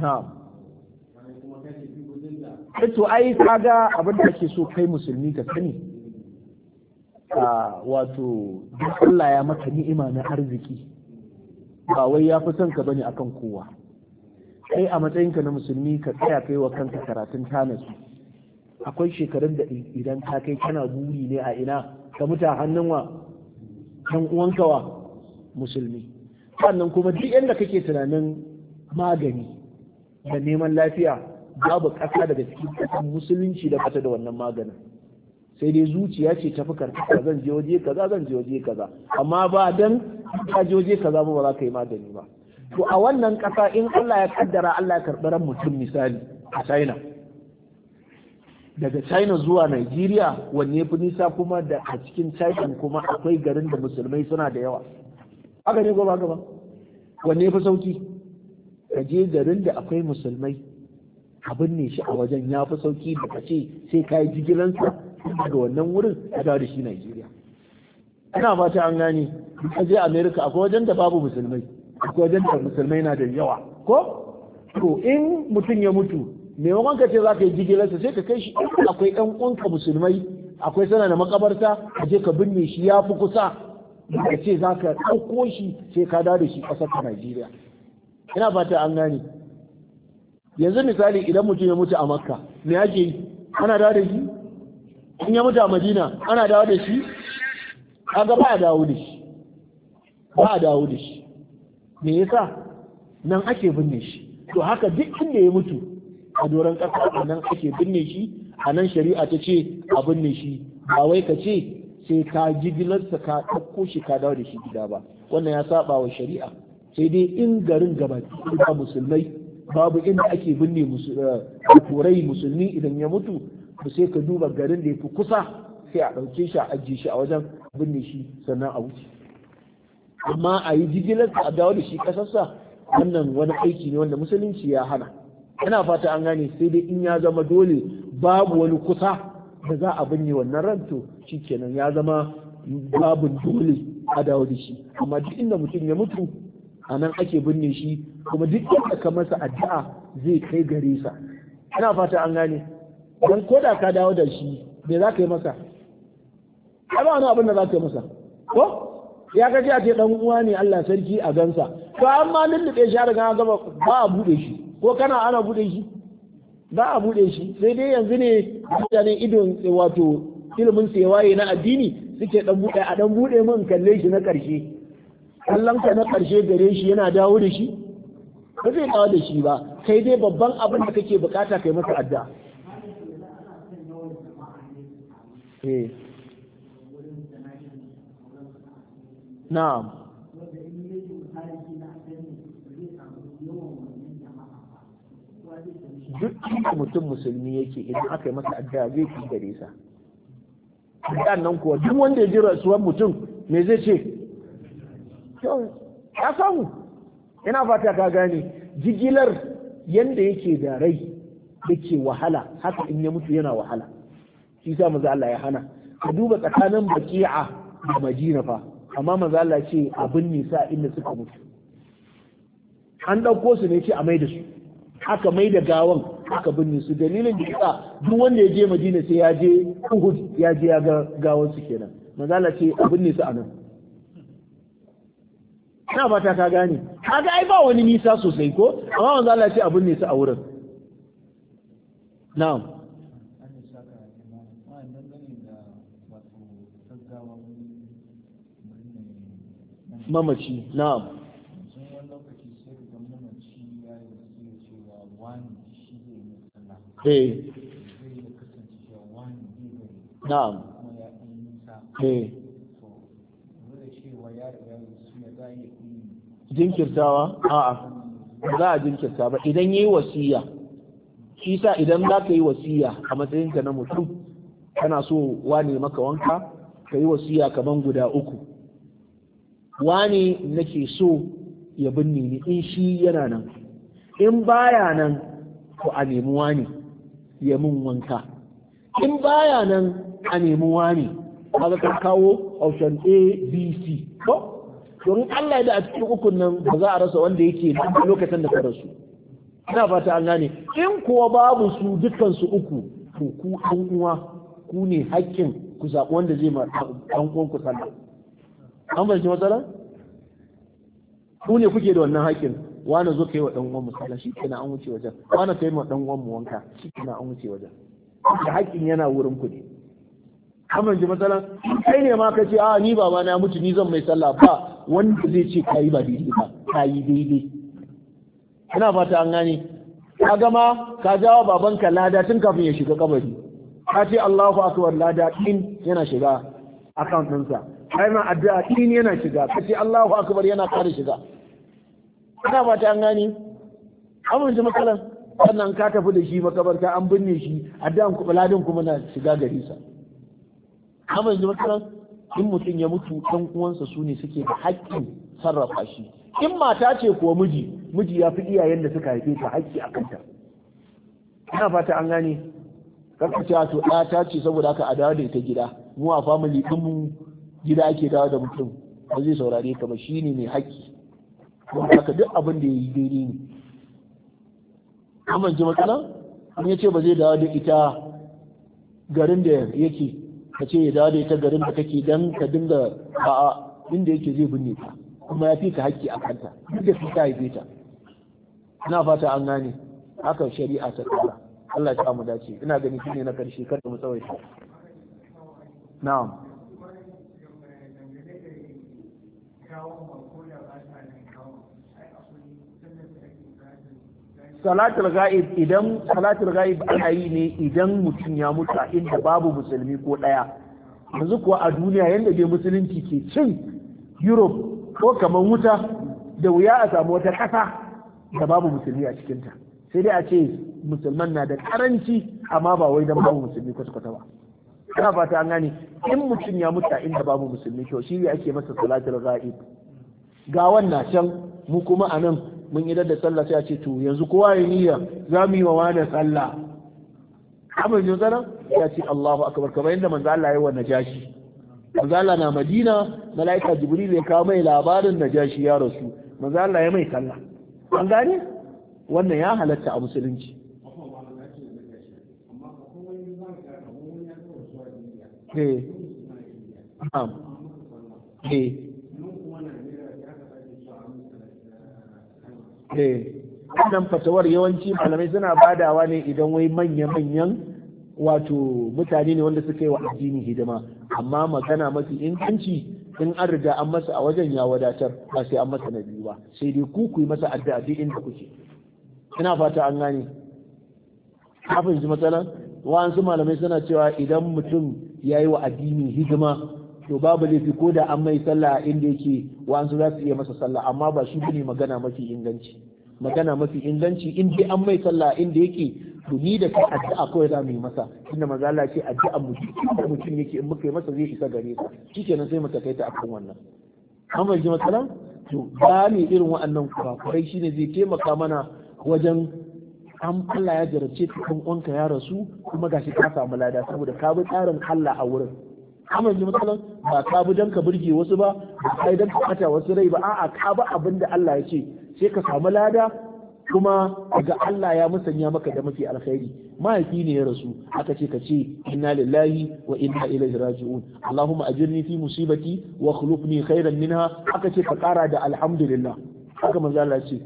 na'am eh to ai kaga abin da ake so kai musulmi ka sani a wato duk Allah ya maka ni'ima na arziki ba wai ya fi son ka bane akan kowa kai a matsayinka na musulmi ka tsaya kai wa kanka karatun tanasu akwai shekarun da idan ka kai kana buri ne a ina ka muta hannun wa kan uwanka wa musulmi sannan kuma duk inda kake tunanin magani da neman lafiya babu kasa daga cikin ƙasar musulunci da fata da wannan maganin sai dai zuciya ce ta fukar ka zan je waje kaza zan je waje kaza amma ba dan ka je waje kaza ba za ka yi magani ba to a wannan kasa, in Allah ya kaddara Allah ya karɓi ran mutum misali a China daga China zuwa Nigeria wanne fi nisa kuma da a cikin China kuma akwai garin da musulmai suna da yawa aka ne goma gaba wanne fi sauki ka je garin da akwai musulmai abin binne shi a wajen ya fi sauki da ka ce sai ka yi jigilansa daga wannan wurin a dawo da shi Najeriya ina fata an gane ka je America akwai wajen da babu musulmai akwai wajen da musulmai na da yawa ko to in mutum ya mutu me ka ce za ka yi jigilarsa sai ka kai shi akwai ɗan uwanka musulmai akwai sana da makabarta ka je ka binne shi ya fi kusa da ce za ka ɗauko shi sai ka dawo da shi ƙasar ta Najeriya ina fata an gane yanzu misali idan mutum ya mutu a Makka me ake yi ana dawo da shi in ya mutu a Madina ana dawo da shi kaga ba a dawo da shi ba a dawo da shi me yasa nan ake binne shi to haka duk inda ya mutu a doron ƙasa a nan ake binne shi a nan shari'a ta ce a binne shi ba wai ka ce sai ka jigilarsa ka ɗauko shi ka dawo da shi gida ba wannan ya saba wa shari'a sai dai in garin gaba ba musulmai babu inda ake binne turai eh, musulmi idan ya mutu ba sai ka duba garin da ya fi kusa sai a ɗauke shi a ajiye shi a wajen binne shi sannan a wuce amma a yi jigilarsa a dawo da shi ƙasarsa wannan wani aiki ne wanda musulunci ya hana ina fata an gane sai dai in ya zama dole babu wani kusa da za a binne wannan ranto kenan ya zama babin dole a dawo da shi amma duk inda mutum ya mutu a nan ake binne shi kuma duk inda ka masa addu'a zai kai gare sa ina fata an gane dan koda ka dawo da shi me za ka yi masa ai ba wani abin da za ka yi masa ko ya kace a ce dan uwa ne Allah sarki a gansa to amma da shi har ga gaba ba a bude shi ko kana ana bude shi ba a buɗe shi sai dai yanzu ne mutane idon eh, wato ilimin sewaye na addini suke dan buɗe a dan buɗe mun kalle shi na ƙarshe kallonka na karshe gare shi yana dawo da shi ba zai dawo da shi ba kai dai babban abin da kake bukata kai masa adda eh. na'am duk inda mutum musulmi yake idan aka yi masa addu'a zai fi gare sa dan nan kuwa duk wanda ya ji rasuwar mutum me zai ce ya samu ina fata ka gane jigilar yanda yake da rai yake wahala haka in ya mutu yana wahala shi sa maza Allah ya hana ka duba tsakanin baki'a da majina fa amma maza Allah ce abin nisa inda suka mutu an ɗauko su ne ce a mai da su aka mai da gawan aka binne su dalilin da yasa duk wanda ya je Madina sai ya je Uhud ya je ya ga gawan su kenan manzala ce a binne su anan na fata ka gane kaga ai ba wani nisa sosai ko amma manzala ce a binne su a wurin na'am mamaci na'am Eh. na'am eh. jinkirtawa a'a za a jinkirta ba idan yi wasiya shi sa idan za ka yi wasiya a matsayinka na mutum kana so wani maka wanka ka yi wasiya kaman guda uku wane nake so ya binne ni in shi yana nan in baya nan ko a nemi wani ya mun wanka in baya nan a nemi wani kaga ka kawo option A B C ko don Allah da a cikin ukun nan ba za a rasa wanda yake lokacin da ka rasu ina fata an gane in kuwa babu su dukkan su uku to ku ɗan uwa ku ne hakkin ku zaɓi wanda zai ma ɗan uwan ku sallah an fahimci matsala ku ne kuke da wannan hakkin wani zo kai wa dan uwan mu sallah shi an wuce wajen wani kai ma dan uwan mu wanka shi kenan an wuce wajen da haƙƙin yana wurin ku ne kamar ji matsalan kai ne ma ka ce a ah, ni baba na mutu ni zan mai sallah ba wanda zai ce kayi ba daidai ba dai daidai ina fata an gane ka gama ka jawo babanka lada tun kafin ya shiga kabari ka ce Allahu akbar lada din yana shiga account ɗinsa kai ma addu'a din yana shiga ka ce Allahu akbar yana ƙara shiga ana fata an gane amince matsalan sannan ka tafi da shi makabarta an binne shi a da kubaladin kuma na shiga gari sa amince matsalan in mutum ya mutu ɗan uwansa su ne suke da haƙƙin sarrafa shi in mata ce kuwa miji miji ya fi iyayen da suka haife ta haƙƙi a kanta ina fata an gane karka cewa to ɗaya ta ce saboda haka a dawo da ita gida mu a family ɗin mu gida ake dawo da mutum ba zai saurare ka ba ne mai haƙƙi kuma haka duk abin da ya yi daidai ne amince matsala in ya ce ba zai dawo da ita garin da yake ka ce ya dawo da ita garin da kake dan ka dinga a inda yake zai binne ta. kuma ya fi ka hakki a kanta duk da fita haife ta ina fata an gane haka shari'a ta tsara Allah ya mu dace ina ganin ne na karshe da mu tsawaita na'am salatul ghaib idan salatul ghaib ana yi ne idan mutum ya mutu a inda babu musulmi ko daya yanzu kuwa a duniya yanda dai musulunci ke cin Europe ko kamar wuta da wuya a samu wata kasa da babu musulmi a cikinta sai dai a ce musulman na da karanci amma ba wai dan babu musulmi kwata-kwata ba ina fata an gane in mutum ya mutu a inda babu musulmi to shi ake masa salatul ghaib ga wannan can mu kuma anan mun yi da sallah sai a ce to yanzu kowa ya niyya za mu yi wa wani sallah abin jin zanen ya ce Allahu akbar kamar yadda manzo Allah ya yi wa najashi manzo Allah na Madina malaika Jibril ya kawo mai labarin najashi ya rasu manzo Allah ya mai sallah an gane wannan ya halatta a musulunci eh eh Eh, wannan fatawar yawanci malamai suna badawa ne idan wai manya-manyan wato mutane ne wanda suka yi wa addini hidima amma magana mafi inganci in an riga an masa a wajen ya wadatar ba sai an masa na biyu ba sai dai ku ku yi masa addu'a duk inda kuke ina fata an gane ka fahimci matsalan wa'ansu malamai suna cewa idan mutum ya yi wa addini hidima to babu laifi ko da an mai sallah a inda yake wa'ansu za su iya masa sallah amma ba shi bane magana mafi inganci magana mafi inganci in dai an mai sallah inda yake to da kai addu'a ko za mu yi masa inda manzo ce addu'a mu da mutum yake in muka yi masa zai isa gare ka shikenan sai mu takaita akan wannan an bayyana matsalan to ba ne irin waɗannan kurakurai shine zai taimaka mana wajen an Allah ya jarabce ka kan uwanka ya rasu kuma gashi ka samu lada saboda ka bi tsarin Allah a wurin amma ji matsalan ba ka bi dan ka burge wasu ba ba dan ka ɓata wasu rai ba a'a ka bi abinda Allah ya ce sai ka samu lada kuma ga Allah ya musanya maka da mafi alkhairi mahaifi ne ya rasu aka ce ka ce inna lillahi wa inna ilaihi raji'un allahumma ajirni fi musibati wa khulufni khairan minha aka ce ka kara da alhamdulillah haka manzo Allah ce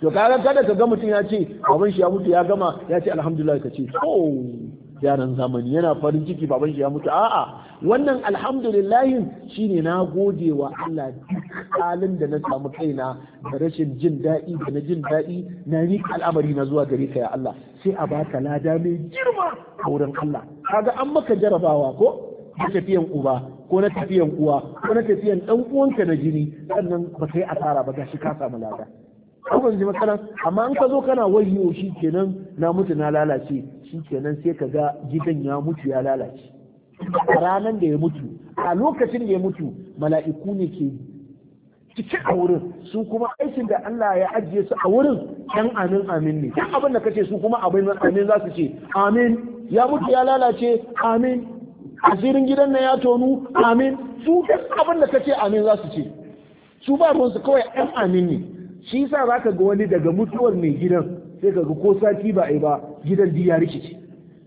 to kaga kada ka ga mutum ya ce abin shi ya mutu ya gama ya ce alhamdulillah ka ce oh yaran zamani yana farin ciki baban shi ya mutu a'a wannan alhamdulillahin shine na gode wa Allah duk halin da na samu kaina da rashin jin daɗi da na jin daɗi na ni al'amari na zuwa gare ka ya Allah sai a baka lada mai girma a wurin Allah kaga an maka jarabawa ko na tafiyan uba ko na tafiyan uwa ko na tafiyan dan uwanka na jini sannan ba kai asara ba gashi ka samu lada abin ji makana amma an ka zo kana wayo shi kenan na mutu na lalace shi kenan sai ka ga gidan ya mutu ya lalace a ranar da ya mutu a lokacin da ya mutu mala'iku ne ke cikin a wurin su kuma aikin da Allah ya ajiye su a wurin ɗan amin amin ne duk abin da kace su kuma abin amin za su ce amin ya mutu ya lalace amin asirin gidan nan ya tonu amin su duk abin da kace amin za su ce su ba su kawai ɗan amin ne shi sa yasa ka ga wani daga mutuwar mai gidan sai ka ga ko sati ba a yi ba gidan ya rikice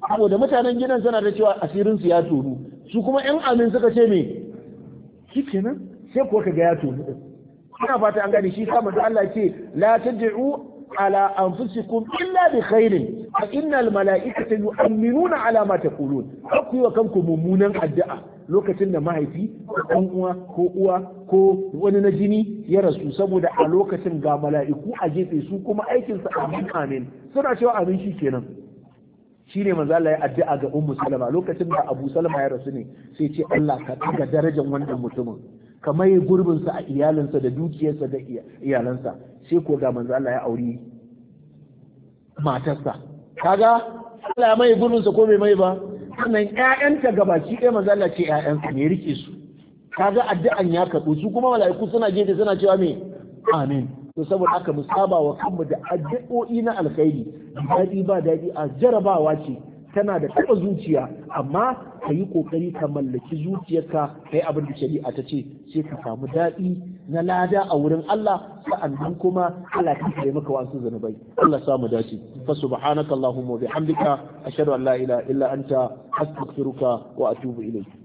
saboda mutanen gidan suna da cewa asirin su ya tonu su kuma yan amin suka ce me kenan, sai kuwa ka ga ya tonu ɗin ina fata an gani shi sa manzo Allah ce la tad'u ala anfusikum illa bi khairin fa innal mala'ikata yu'minuna ala ma taqulun ku yi wa kanku mummunan addu'a lokacin da mahaifi ɗan uwa ko uwa ko wani na jini ya rasu saboda a lokacin ga mala'iku a jefe su kuma aikinsa amin amin suna cewa amin shi kenan shine manzo Allah ya addu'a ga Ummu Salama lokacin da Abu Salama ya rasu ne sai ce Allah ka ga darajar wannan mutumin kamar gurbinsa a iyalinsa da dukiyarsa da iyalansa sai ko ga manzo Allah ya auri matarsa kaga Allah ya mai gurbinsa ko bai mai ba sannan ƴaƴanta gabaki ɗaya manzo Allah ce ƴaƴansa ne rike su kaga addu'an ya kaɗu su kuma mala'iku suna je suna cewa me amin to saboda haka mu wa kanmu da addu'o'i na alkhairi daɗi ba daɗi a jarabawa ce tana da taɓa zuciya amma ka yi ƙoƙari ka mallaki zuciyarka ka yi abin da shari'a ta ce sai ka samu daɗi na lada a wurin Allah sa'annan kuma Allah ta kare maka wasu zanubai Allah samu dace fa subhanaka allahumma wa bihamdika ashhadu an la ilaha illa anta astaghfiruka wa atubu ilayk